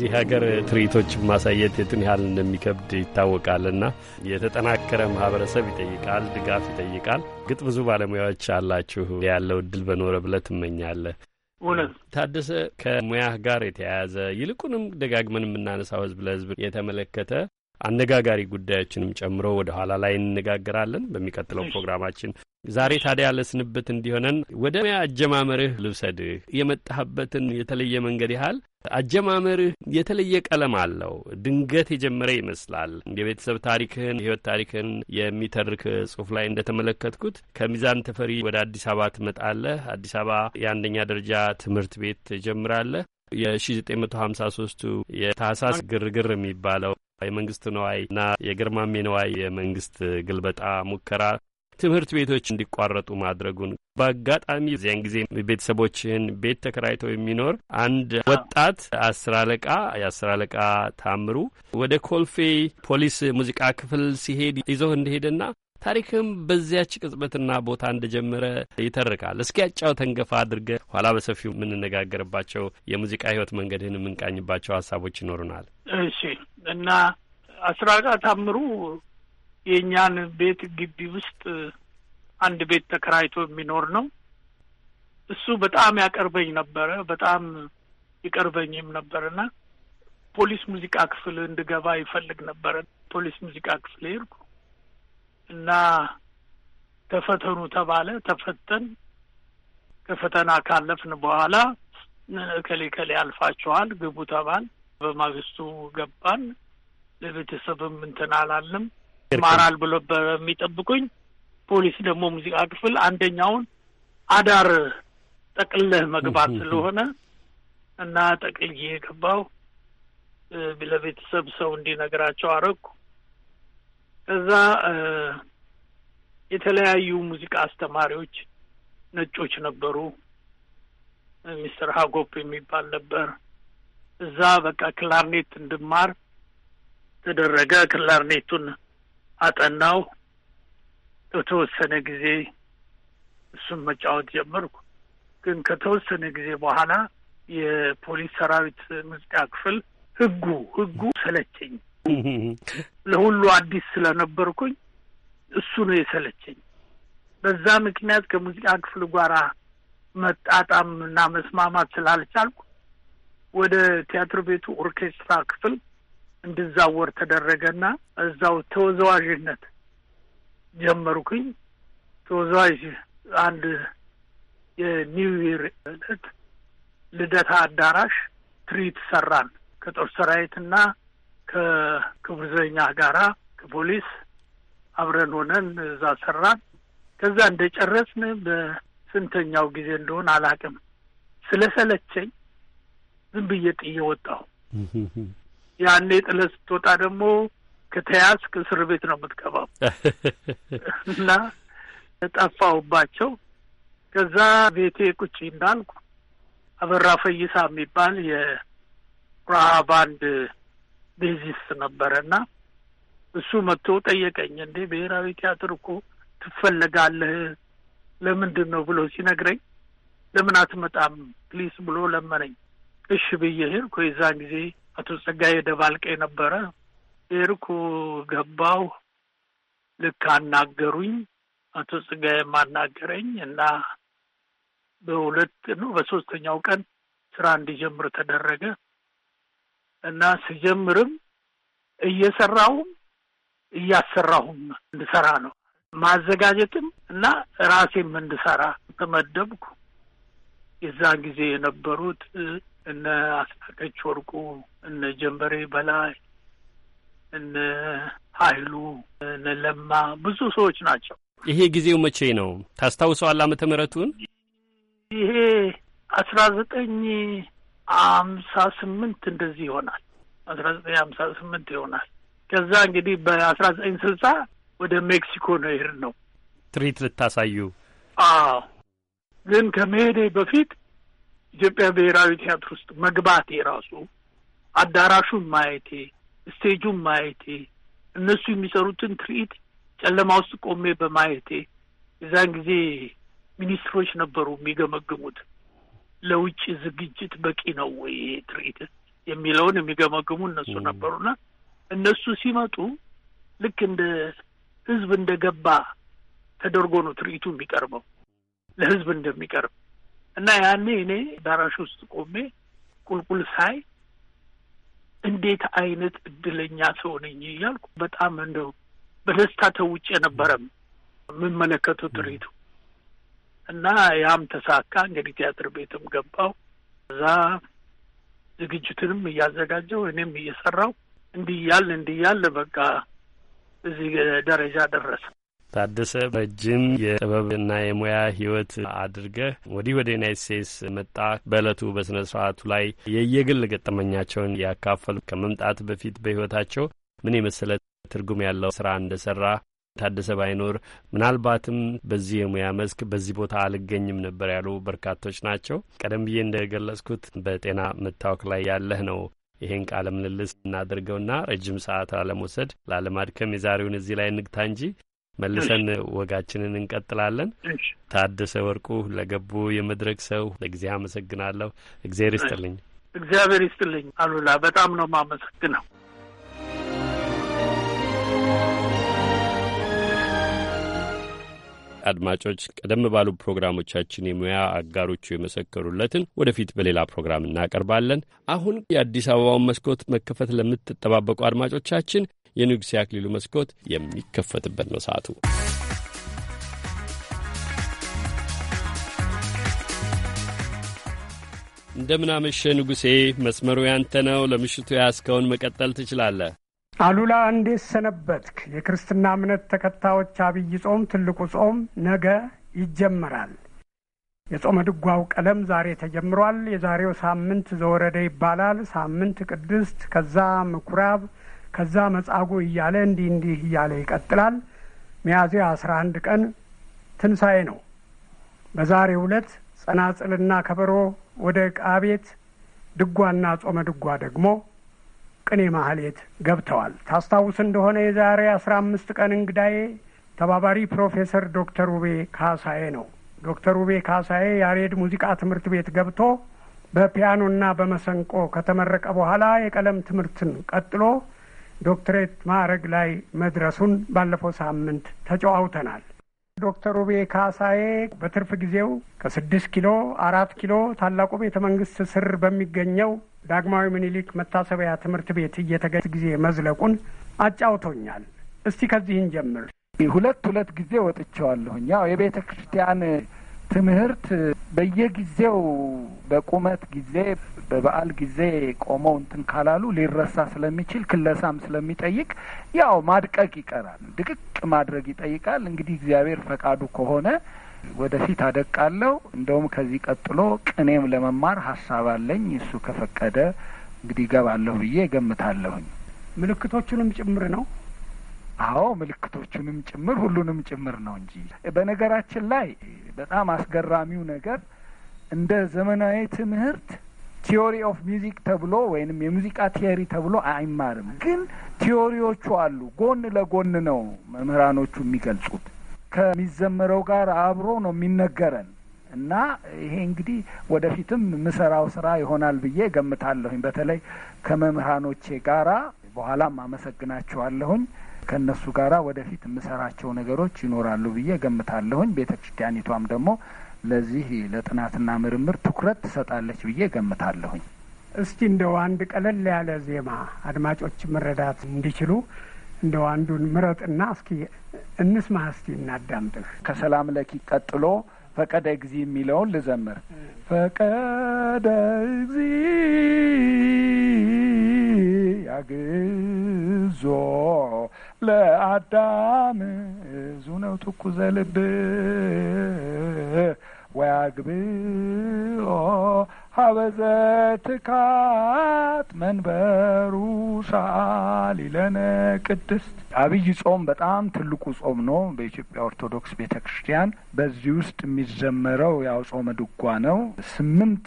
እዚህ ሀገር ትርኢቶች ማሳየት የትን ያህል እንደሚከብድ ይታወቃልና የተጠናከረ ማህበረሰብ ይጠይቃል፣ ድጋፍ ይጠይቃል። ግጥ ብዙ ባለሙያዎች አላችሁ ያለው እድል በኖረ ብለ ትመኛለህ። እውነት ታደሰ፣ ከሙያህ ጋር የተያያዘ ይልቁንም ደጋግመን የምናነሳው ህዝብ ለህዝብ የተመለከተ አነጋጋሪ ጉዳዮችንም ጨምሮ ወደ ኋላ ላይ እንነጋገራለን በሚቀጥለው ፕሮግራማችን ዛሬ ታዲያ ለስንበት እንዲሆነን ወደ ሙያ አጀማመርህ ልውሰድህ። የመጣህበትን የተለየ መንገድ ያህል አጀማመርህ የተለየ ቀለም አለው። ድንገት የጀመረ ይመስላል። የቤተሰብ ታሪክህን፣ የህይወት ታሪክህን የሚተርክ ጽሁፍ ላይ እንደተመለከትኩት ከሚዛን ተፈሪ ወደ አዲስ አበባ ትመጣለህ። አዲስ አበባ የአንደኛ ደረጃ ትምህርት ቤት ትጀምራለህ። የ1953ቱ የታህሳስ ግርግር የሚባለው የመንግስት ነዋይና የግርማሜ ነዋይ የመንግስት ግልበጣ ሙከራ ትምህርት ቤቶች እንዲቋረጡ ማድረጉን በአጋጣሚ እዚያን ጊዜ ቤተሰቦችህን ቤት ተከራይቶ የሚኖር አንድ ወጣት አስር አለቃ የአስር አለቃ ታምሩ ወደ ኮልፌ ፖሊስ ሙዚቃ ክፍል ሲሄድ ይዞ እንደሄደና ታሪክም በዚያች ቅጽበትና ቦታ እንደጀመረ ይተርካል። እስኪ ያጫው ተንገፋ አድርገ ኋላ በሰፊው የምንነጋገርባቸው የሙዚቃ ህይወት መንገድህን የምንቃኝባቸው ሀሳቦች ይኖሩናል። እሺ እና አስራ አለቃ ታምሩ የእኛን ቤት ግቢ ውስጥ አንድ ቤት ተከራይቶ የሚኖር ነው። እሱ በጣም ያቀርበኝ ነበረ፣ በጣም ይቀርበኝም ነበርና ፖሊስ ሙዚቃ ክፍል እንድገባ ይፈልግ ነበረ። ፖሊስ ሙዚቃ ክፍል ሄድኩ እና ተፈተኑ ተባለ። ተፈተን ከፈተና ካለፍን በኋላ እከሌ እከሌ ያልፋችኋል ግቡ ተባል። በማግስቱ ገባን። ለቤተሰብም እንትን አላልንም። ይማራል ብሎ በሚጠብቁኝ ፖሊስ ደግሞ ሙዚቃ ክፍል አንደኛውን አዳር ጠቅልለህ መግባት ስለሆነ እና ጠቅልዬ የገባው ለቤተሰብ ሰው እንዲነግራቸው አረግኩ። ከዛ የተለያዩ ሙዚቃ አስተማሪዎች ነጮች ነበሩ። ሚስተር ሀጎፕ የሚባል ነበር። እዛ በቃ ክላርኔት እንድማር ተደረገ። ክላርኔቱን አጠናው። የተወሰነ ጊዜ እሱን መጫወት ጀመርኩ። ግን ከተወሰነ ጊዜ በኋላ የፖሊስ ሰራዊት ሙዚቃ ክፍል ህጉ ህጉ ሰለቸኝ። ለሁሉ አዲስ ስለነበርኩኝ እሱ ነው የሰለቸኝ። በዛ ምክንያት ከሙዚቃ ክፍል ጋራ መጣጣም እና መስማማት ስላልቻልኩ ወደ ቲያትር ቤቱ ኦርኬስትራ ክፍል እንድዛወር ተደረገና እዛው ተወዛዋዥነት ጀመርኩኝ። ተወዛዋዥ አንድ የኒው ይር ዕለት ልደታ አዳራሽ ትርኢት ሰራን ከጦር ሰራዊትና ከክቡር ዘበኛ ጋራ ከፖሊስ አብረን ሆነን እዛ ሰራን። ከዛ ጨረስን በስንተኛው ጊዜ እንደሆን አላቅም ስለሰለቸኝ ዝም ብዬ ጥዬ ወጣሁ። ያኔ ጥለ ስትወጣ ደግሞ ከተያዝ እስር ቤት ነው የምትገባው እና ጠፋሁባቸው። ከዛ ቤቴ ቁጭ እንዳልኩ አበራ ፈይሳ የሚባል የረሃ ባንድ ቤዚስት ነበረና እሱ መጥቶ ጠየቀኝ። እንዴ ብሔራዊ ቲያትር እኮ ትፈለጋለህ ለምንድን ነው ብሎ ሲነግረኝ ለምን አትመጣም ፕሊስ ብሎ ለመነኝ። እሺ ብዬ ሄድኩ። የዛን ጊዜ አቶ ጸጋዬ ደባልቄ ነበረ። ኤርኩ ገባው ልክ አናገሩኝ። አቶ ጸጋዬ ማናገረኝ እና በሁለት ነው በሶስተኛው ቀን ስራ እንዲጀምር ተደረገ እና ስጀምርም እየሰራሁም እያሰራሁም እንድሰራ ነው ማዘጋጀትም እና ራሴም እንድሰራ ተመደብኩ። የዛን ጊዜ የነበሩት እነ አስናቀች ወርቁ፣ እነ ጀንበሬ በላይ፣ እነ ሀይሉ፣ እነ ለማ ብዙ ሰዎች ናቸው። ይሄ ጊዜው መቼ ነው ታስታውሰዋል? አመተ ምሕረቱን ይሄ አስራ ዘጠኝ አምሳ ስምንት እንደዚህ ይሆናል። አስራ ዘጠኝ አምሳ ስምንት ይሆናል። ከዛ እንግዲህ በአስራ ዘጠኝ ስልሳ ወደ ሜክሲኮ ነው ይሄድ ነው ትርኢት ልታሳዩ። አዎ ግን ከመሄዴ በፊት ኢትዮጵያ ብሔራዊ ቲያትር ውስጥ መግባቴ ራሱ አዳራሹን ማየቴ፣ ስቴጁን ማየቴ፣ እነሱ የሚሰሩትን ትርኢት ጨለማ ውስጥ ቆሜ በማየቴ የዛን ጊዜ ሚኒስትሮች ነበሩ የሚገመግሙት ለውጭ ዝግጅት በቂ ነው ወይ ይሄ ትርኢት የሚለውን የሚገመግሙ እነሱ ነበሩና እነሱ ሲመጡ ልክ እንደ ህዝብ እንደገባ ተደርጎ ነው ትርኢቱ የሚቀርበው ለህዝብ እንደሚቀርብ እና ያኔ እኔ ዳራሽ ውስጥ ቆሜ ቁልቁል ሳይ እንዴት አይነት እድለኛ ሰው ነኝ እያልኩ በጣም እንደው በደስታ ተውጭ የነበረም የምመለከቱ ትርኢቱ እና ያም ተሳካ። እንግዲህ ቲያትር ቤትም ገባው እዛ ዝግጅትንም እያዘጋጀው እኔም እየሰራው እንዲያል እንዲያል በቃ እዚህ ደረጃ ደረሰ። ታደሰ ረጅም የጥበብና የሙያ ህይወት አድርገህ ወዲህ ወደ ዩናይት ስቴትስ መጣ። በእለቱ በስነ ስርአቱ ላይ የየግል ገጠመኛቸውን ያካፈሉ ከመምጣት በፊት በህይወታቸው ምን የመሰለ ትርጉም ያለው ስራ እንደሰራ ታደሰ ባይኖር ምናልባትም በዚህ የሙያ መስክ በዚህ ቦታ አልገኝም ነበር ያሉ በርካቶች ናቸው። ቀደም ብዬ እንደገለጽኩት በጤና መታወክ ላይ ያለህ ነው። ይሄን ቃለ ምልልስ እናድርገውና ረጅም ሰዓት አለመውሰድ ላለማድከም የዛሬውን እዚህ ላይ እንግታ እንጂ መልሰን ወጋችንን እንቀጥላለን። ታደሰ ወርቁ ለገቡ የመድረክ ሰው ለጊዜ አመሰግናለሁ። እግዜር ይስጥልኝ። እግዚአብሔር ይስጥልኝ አሉላ፣ በጣም ነው የማመሰግነው። አድማጮች ቀደም ባሉ ፕሮግራሞቻችን የሙያ አጋሮቹ የመሰከሩለትን ወደፊት በሌላ ፕሮግራም እናቀርባለን። አሁን የአዲስ አበባውን መስኮት መከፈት ለምትጠባበቁ አድማጮቻችን የንጉሴ አክሊሉ መስኮት የሚከፈትበት ነው ሰዓቱ። እንደምናመሸ ንጉሴ፣ መስመሩ ያንተ ነው። ለምሽቱ ያስከውን መቀጠል ትችላለህ። አሉላ እንዴት ሰነበትክ? የክርስትና እምነት ተከታዮች አብይ ጾም ትልቁ ጾም ነገ ይጀመራል። የጾመ ድጓው ቀለም ዛሬ ተጀምሯል። የዛሬው ሳምንት ዘወረደ ይባላል። ሳምንት ቅድስት፣ ከዛ ምኩራብ፣ ከዛ መጻጉዕ እያለ እንዲህ እንዲህ እያለ ይቀጥላል። ሚያዝያ አስራ አንድ ቀን ትንሣኤ ነው። በዛሬው ዕለት ጸናጽልና ከበሮ ወደ ዕቃ ቤት፣ ድጓና ጾመ ድጓ ደግሞ ቅኔ ማህሌት ገብተዋል። ታስታውስ እንደሆነ የዛሬ አስራ አምስት ቀን እንግዳዬ ተባባሪ ፕሮፌሰር ዶክተር ውቤ ካሳዬ ነው። ዶክተር ውቤ ካሳዬ ያሬድ ሙዚቃ ትምህርት ቤት ገብቶ በፒያኖና በመሰንቆ ከተመረቀ በኋላ የቀለም ትምህርትን ቀጥሎ ዶክትሬት ማዕረግ ላይ መድረሱን ባለፈው ሳምንት ተጨዋውተናል። ዶክተር ሩቤ ካሳዬ በትርፍ ጊዜው ከስድስት ኪሎ አራት ኪሎ ታላቁ ቤተ መንግስት ስር በሚገኘው ዳግማዊ ምኒልክ መታሰቢያ ትምህርት ቤት እየተገ ጊዜ መዝለቁን አጫውቶኛል። እስቲ ከዚህን ጀምር። ሁለት ሁለት ጊዜ ወጥቼዋለሁኝ። ያው የቤተ ክርስቲያን ትምህርት በየጊዜው በቁመት ጊዜ በበዓል ጊዜ ቆመው እንትን ካላሉ ሊረሳ ስለሚችል ክለሳም ስለሚጠይቅ ያው ማድቀቅ ይቀራል፣ ድቅቅ ማድረግ ይጠይቃል። እንግዲህ እግዚአብሔር ፈቃዱ ከሆነ ወደፊት አደቃለሁ። እንደውም ከዚህ ቀጥሎ ቅኔም ለመማር ሀሳብ አለኝ። እሱ ከፈቀደ እንግዲህ እገባለሁ ብዬ እገምታለሁኝ። ምልክቶቹንም ጭምር ነው አዎ ምልክቶቹንም ጭምር ሁሉንም ጭምር ነው እንጂ። በነገራችን ላይ በጣም አስገራሚው ነገር እንደ ዘመናዊ ትምህርት ቲዮሪ ኦፍ ሚዚክ ተብሎ ወይንም የሙዚቃ ቲዮሪ ተብሎ አይማርም። ግን ቲዮሪዎቹ አሉ። ጎን ለጎን ነው መምህራኖቹ የሚገልጹት። ከሚዘመረው ጋር አብሮ ነው የሚነገረን እና ይሄ እንግዲህ ወደፊትም ምሰራው ስራ ይሆናል ብዬ ገምታለሁኝ። በተለይ ከመምህራኖቼ ጋራ በኋላም አመሰግናችኋለሁኝ። ከእነሱ ጋራ ወደፊት የምሰራቸው ነገሮች ይኖራሉ ብዬ ገምታለሁኝ። ቤተ ክርስቲያኒቷም ደግሞ ለዚህ ለጥናትና ምርምር ትኩረት ትሰጣለች ብዬ ገምታለሁኝ። እስቲ እንደው አንድ ቀለል ያለ ዜማ አድማጮች መረዳት እንዲችሉ እንደው አንዱን ምረጥና እስኪ እንስማ እስቲ እናዳምጥህ። ከሰላም ለኪ ቀጥሎ ፈቀደ ጊዜ የሚለውን ልዘምር። ፈቀደ ጊዜ ያግዞ ለአዳም እዙ ነው ትኩዘ ልብ ወያግብኦ ሀበዘ ትካት መንበሩ ሻል ይለነ ቅድስት አብይ ጾም በጣም ትልቁ ጾም ነው በኢትዮጵያ ኦርቶዶክስ ቤተ ክርስቲያን። በዚህ ውስጥ የሚዘመረው ያው ጾመ ድጓ ነው። ስምንት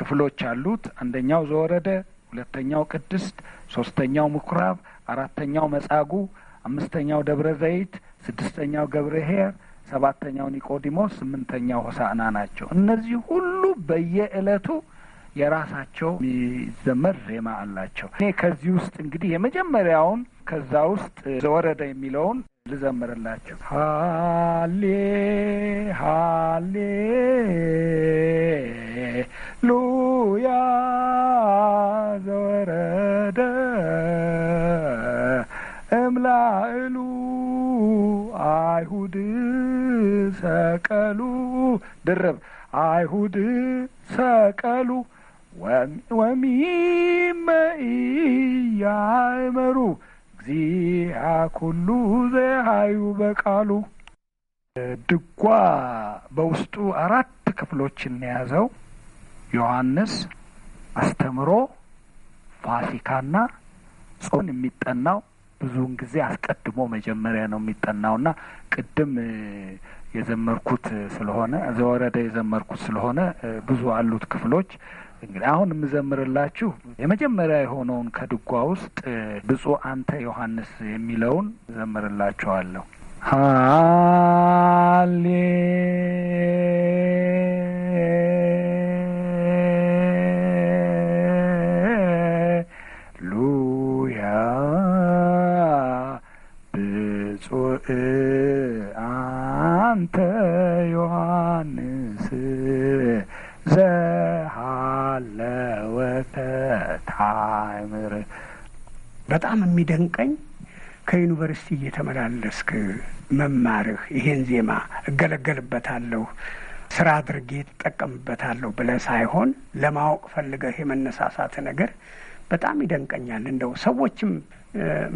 ክፍሎች አሉት። አንደኛው ዘወረደ፣ ሁለተኛው ቅድስት፣ ሶስተኛው ምኩራብ፣ አራተኛው መጻጉዕ አምስተኛው ደብረ ዘይት፣ ስድስተኛው ገብረ ሄር፣ ሰባተኛው ኒቆዲሞስ፣ ስምንተኛው ሆሳዕና ናቸው። እነዚህ ሁሉ በየዕለቱ የራሳቸው የሚዘመር ዜማ አላቸው። እኔ ከዚህ ውስጥ እንግዲህ የመጀመሪያውን ከዛ ውስጥ ዘወረደ የሚለውን ልዘምርላቸው። ሃሌ ሃሌ ሉያ ዘወረደ እምላእሉ አይሁድ ሰቀሉ ድርብ አይሁድ ሰቀሉ ወሚመ ኢያእመሩ እግዚአ ኩሉ ዘሃዩ በቃሉ ድጓ በውስጡ አራት ክፍሎችን የያዘው ዮሐንስ አስተምሮ ፋሲካና ጾን የሚጠናው ብዙውን ጊዜ አስቀድሞ መጀመሪያ ነው የሚጠናውና ቅድም የዘመርኩት ስለሆነ ዘወረደ የዘመርኩት ስለሆነ ብዙ አሉት ክፍሎች። እንግዲህ አሁን የምዘምርላችሁ የመጀመሪያ የሆነውን ከድጓ ውስጥ ብፁዕ አንተ ዮሐንስ የሚለውን ዘምርላችኋለሁ። ሃሌ አንተ ዮሐንስ ዘሃለወተ ታምር በጣም የሚደንቀኝ ከዩኒቨርሲቲ እየተመላለስክ መማርህ ይሄን ዜማ እገለገልበታለሁ ስራ አድርጌ ትጠቀምበታለሁ ብለህ ሳይሆን ለማወቅ ፈልገህ የመነሳሳት ነገር በጣም ይደንቀኛል። እንደው ሰዎችም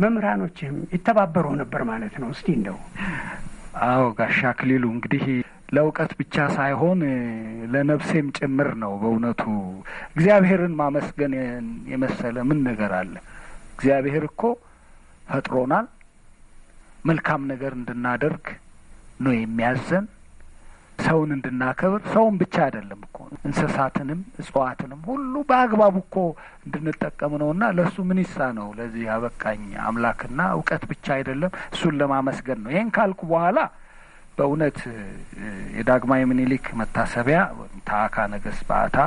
መምህራኖችም ይተባበሩ ነበር ማለት ነው። እስቲ እንደው አዎ፣ ጋሻ ክሊሉ እንግዲህ ለእውቀት ብቻ ሳይሆን ለነፍሴም ጭምር ነው። በእውነቱ እግዚአብሔርን ማመስገን የመሰለ ምን ነገር አለ? እግዚአብሔር እኮ ፈጥሮናል። መልካም ነገር እንድናደርግ ነው የሚያዘን ሰውን እንድናከብር ሰውን ብቻ አይደለም እኮ እንስሳትንም እጽዋትንም ሁሉ በአግባቡ እኮ እንድንጠቀም እና ለእሱ ምን ይሳ ነው ለዚህ አበቃኝ አምላክና እውቀት ብቻ አይደለም እሱን ለማመስገን ነው። ይህን ካልኩ በኋላ በእውነት የዳግማዊ ምኒልክ መታሰቢያ ታዕካ ነገስት በአታ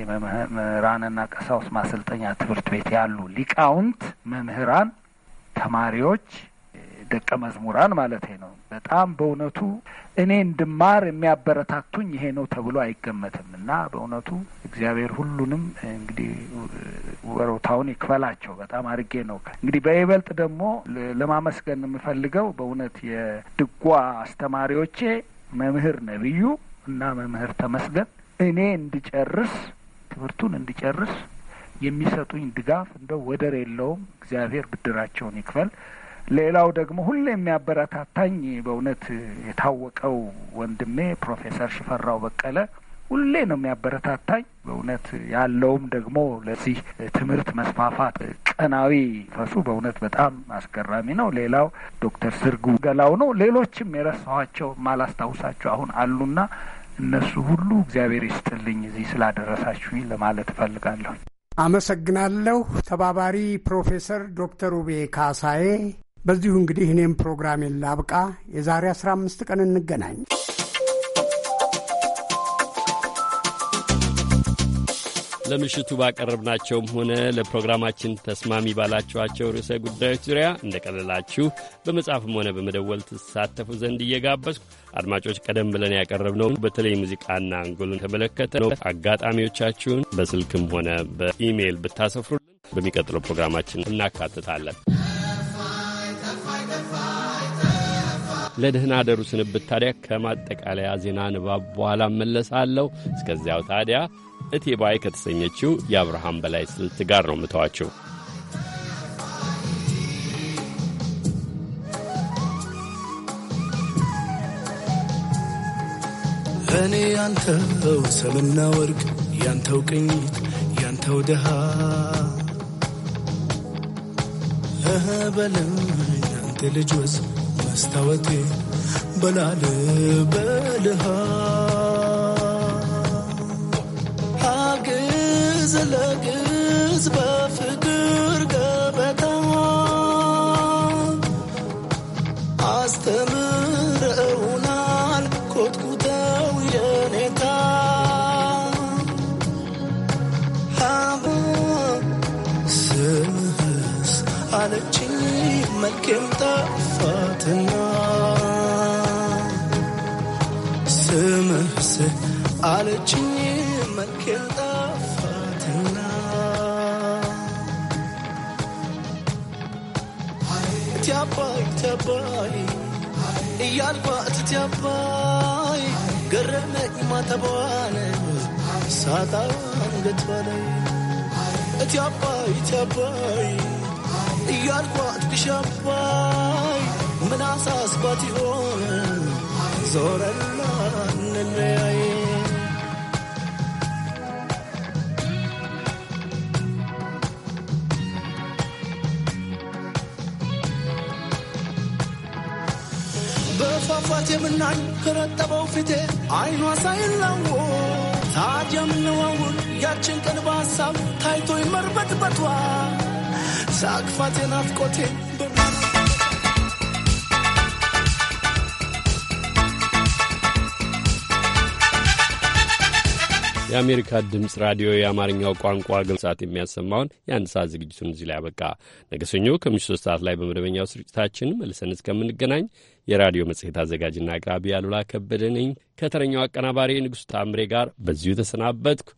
የመምህራንና ቀሳውስ ማሰልጠኛ ትምህርት ቤት ያሉ ሊቃውንት መምህራን፣ ተማሪዎች ደቀ መዝሙራን ማለት ነው። በጣም በእውነቱ እኔ እንድማር የሚያበረታቱኝ ይሄ ነው ተብሎ አይገመትም እና በእውነቱ እግዚአብሔር ሁሉንም እንግዲህ ወሮታውን ይክፈላቸው በጣም አድርጌ ነው። እንግዲህ በይበልጥ ደግሞ ለማመስገን የምፈልገው በእውነት የድጓ አስተማሪዎቼ መምህር ነቢዩ እና መምህር ተመስገን እኔ እንድጨርስ ትምህርቱን እንድጨርስ የሚሰጡኝ ድጋፍ እንደው ወደር የለውም። እግዚአብሔር ብድራቸውን ይክፈል። ሌላው ደግሞ ሁሌ የሚያበረታታኝ በእውነት የታወቀው ወንድሜ ፕሮፌሰር ሽፈራው በቀለ ሁሌ ነው የሚያበረታታኝ። በእውነት ያለውም ደግሞ ለዚህ ትምህርት መስፋፋት ቀናዊ ፈሱ በእውነት በጣም አስገራሚ ነው። ሌላው ዶክተር ስርጉ ገላው ነው። ሌሎችም የረሳኋቸው ማላስታውሳቸው አሁን አሉና እነሱ ሁሉ እግዚአብሔር ይስጥልኝ እዚህ ስላደረሳችሁኝ ለማለት እፈልጋለሁ። አመሰግናለሁ። ተባባሪ ፕሮፌሰር ዶክተር ውቤ ካሳዬ በዚሁ እንግዲህ እኔም ፕሮግራሜን ላብቃ። የዛሬ 15 ቀን እንገናኝ። ለምሽቱ ባቀረብናቸውም ሆነ ለፕሮግራማችን ተስማሚ ባላችኋቸው ርዕሰ ጉዳዮች ዙሪያ እንደቀለላችሁ በመጻፍም ሆነ በመደወል ትሳተፉ ዘንድ እየጋበዝኩ አድማጮች፣ ቀደም ብለን ያቀረብነው በተለይ ሙዚቃና አንጎልን የተመለከተ አጋጣሚዎቻችሁን በስልክም ሆነ በኢሜይል ብታሰፍሩልን በሚቀጥለው ፕሮግራማችን እናካትታለን። ለደህና አደሩ ስንብት ታዲያ ከማጠቃለያ ዜና ንባብ በኋላ መለሳለሁ። እስከዚያው ታዲያ እቴባይ ከተሰኘችው የአብርሃም በላይ ስልት ጋር ነው ምተዋችሁ። እኔ ያንተው ሰምና ወርቅ ያንተው ቅኝት ያንተው ድሃ በለም ያንተ ልጅ ወዝ መስታወቴ በላል በልሃ አግዝ ለግዝ በፍቅር ገበታ አስተምረውናል ኮትኩተው የኔታ ሀማ ስምህስ አለችኝ መልኬምጣ ጥፋትና ስምስ አለችኝ መልክ ያጣፋትና ትያባይ እያልኳት ትያባይ ገረመኝ ማተቧን ሳጣ አንገት በላይ እትያባይ ትያባይ እያልኳት ግሻባይ ምን አሳስባት ይሆን ዞረና እንለያይ በፏፏቴ ምናኝ ከረጠበው ፊቴ አይኗ ሳይላወቅ ታዲያ ምነዋውን ያችን ቀን በሀሳብ ታይቶ ይመርበትበቷ ሳቅፋቴ ናፍቆቴ የአሜሪካ ድምፅ ራዲዮ የአማርኛው ቋንቋ ግንሳት የሚያሰማውን የአንድ ሰዓት ዝግጅቱን እዚህ ላይ ያበቃ። ነገ ሰኞ ከምሽቱ ሶስት ሰዓት ላይ በመደበኛው ስርጭታችን መልሰን እስከምንገናኝ የራዲዮ መጽሔት አዘጋጅና አቅራቢ አሉላ ከበደ ነኝ ከተረኛው አቀናባሪ ንጉሥ ታምሬ ጋር በዚሁ ተሰናበትኩ።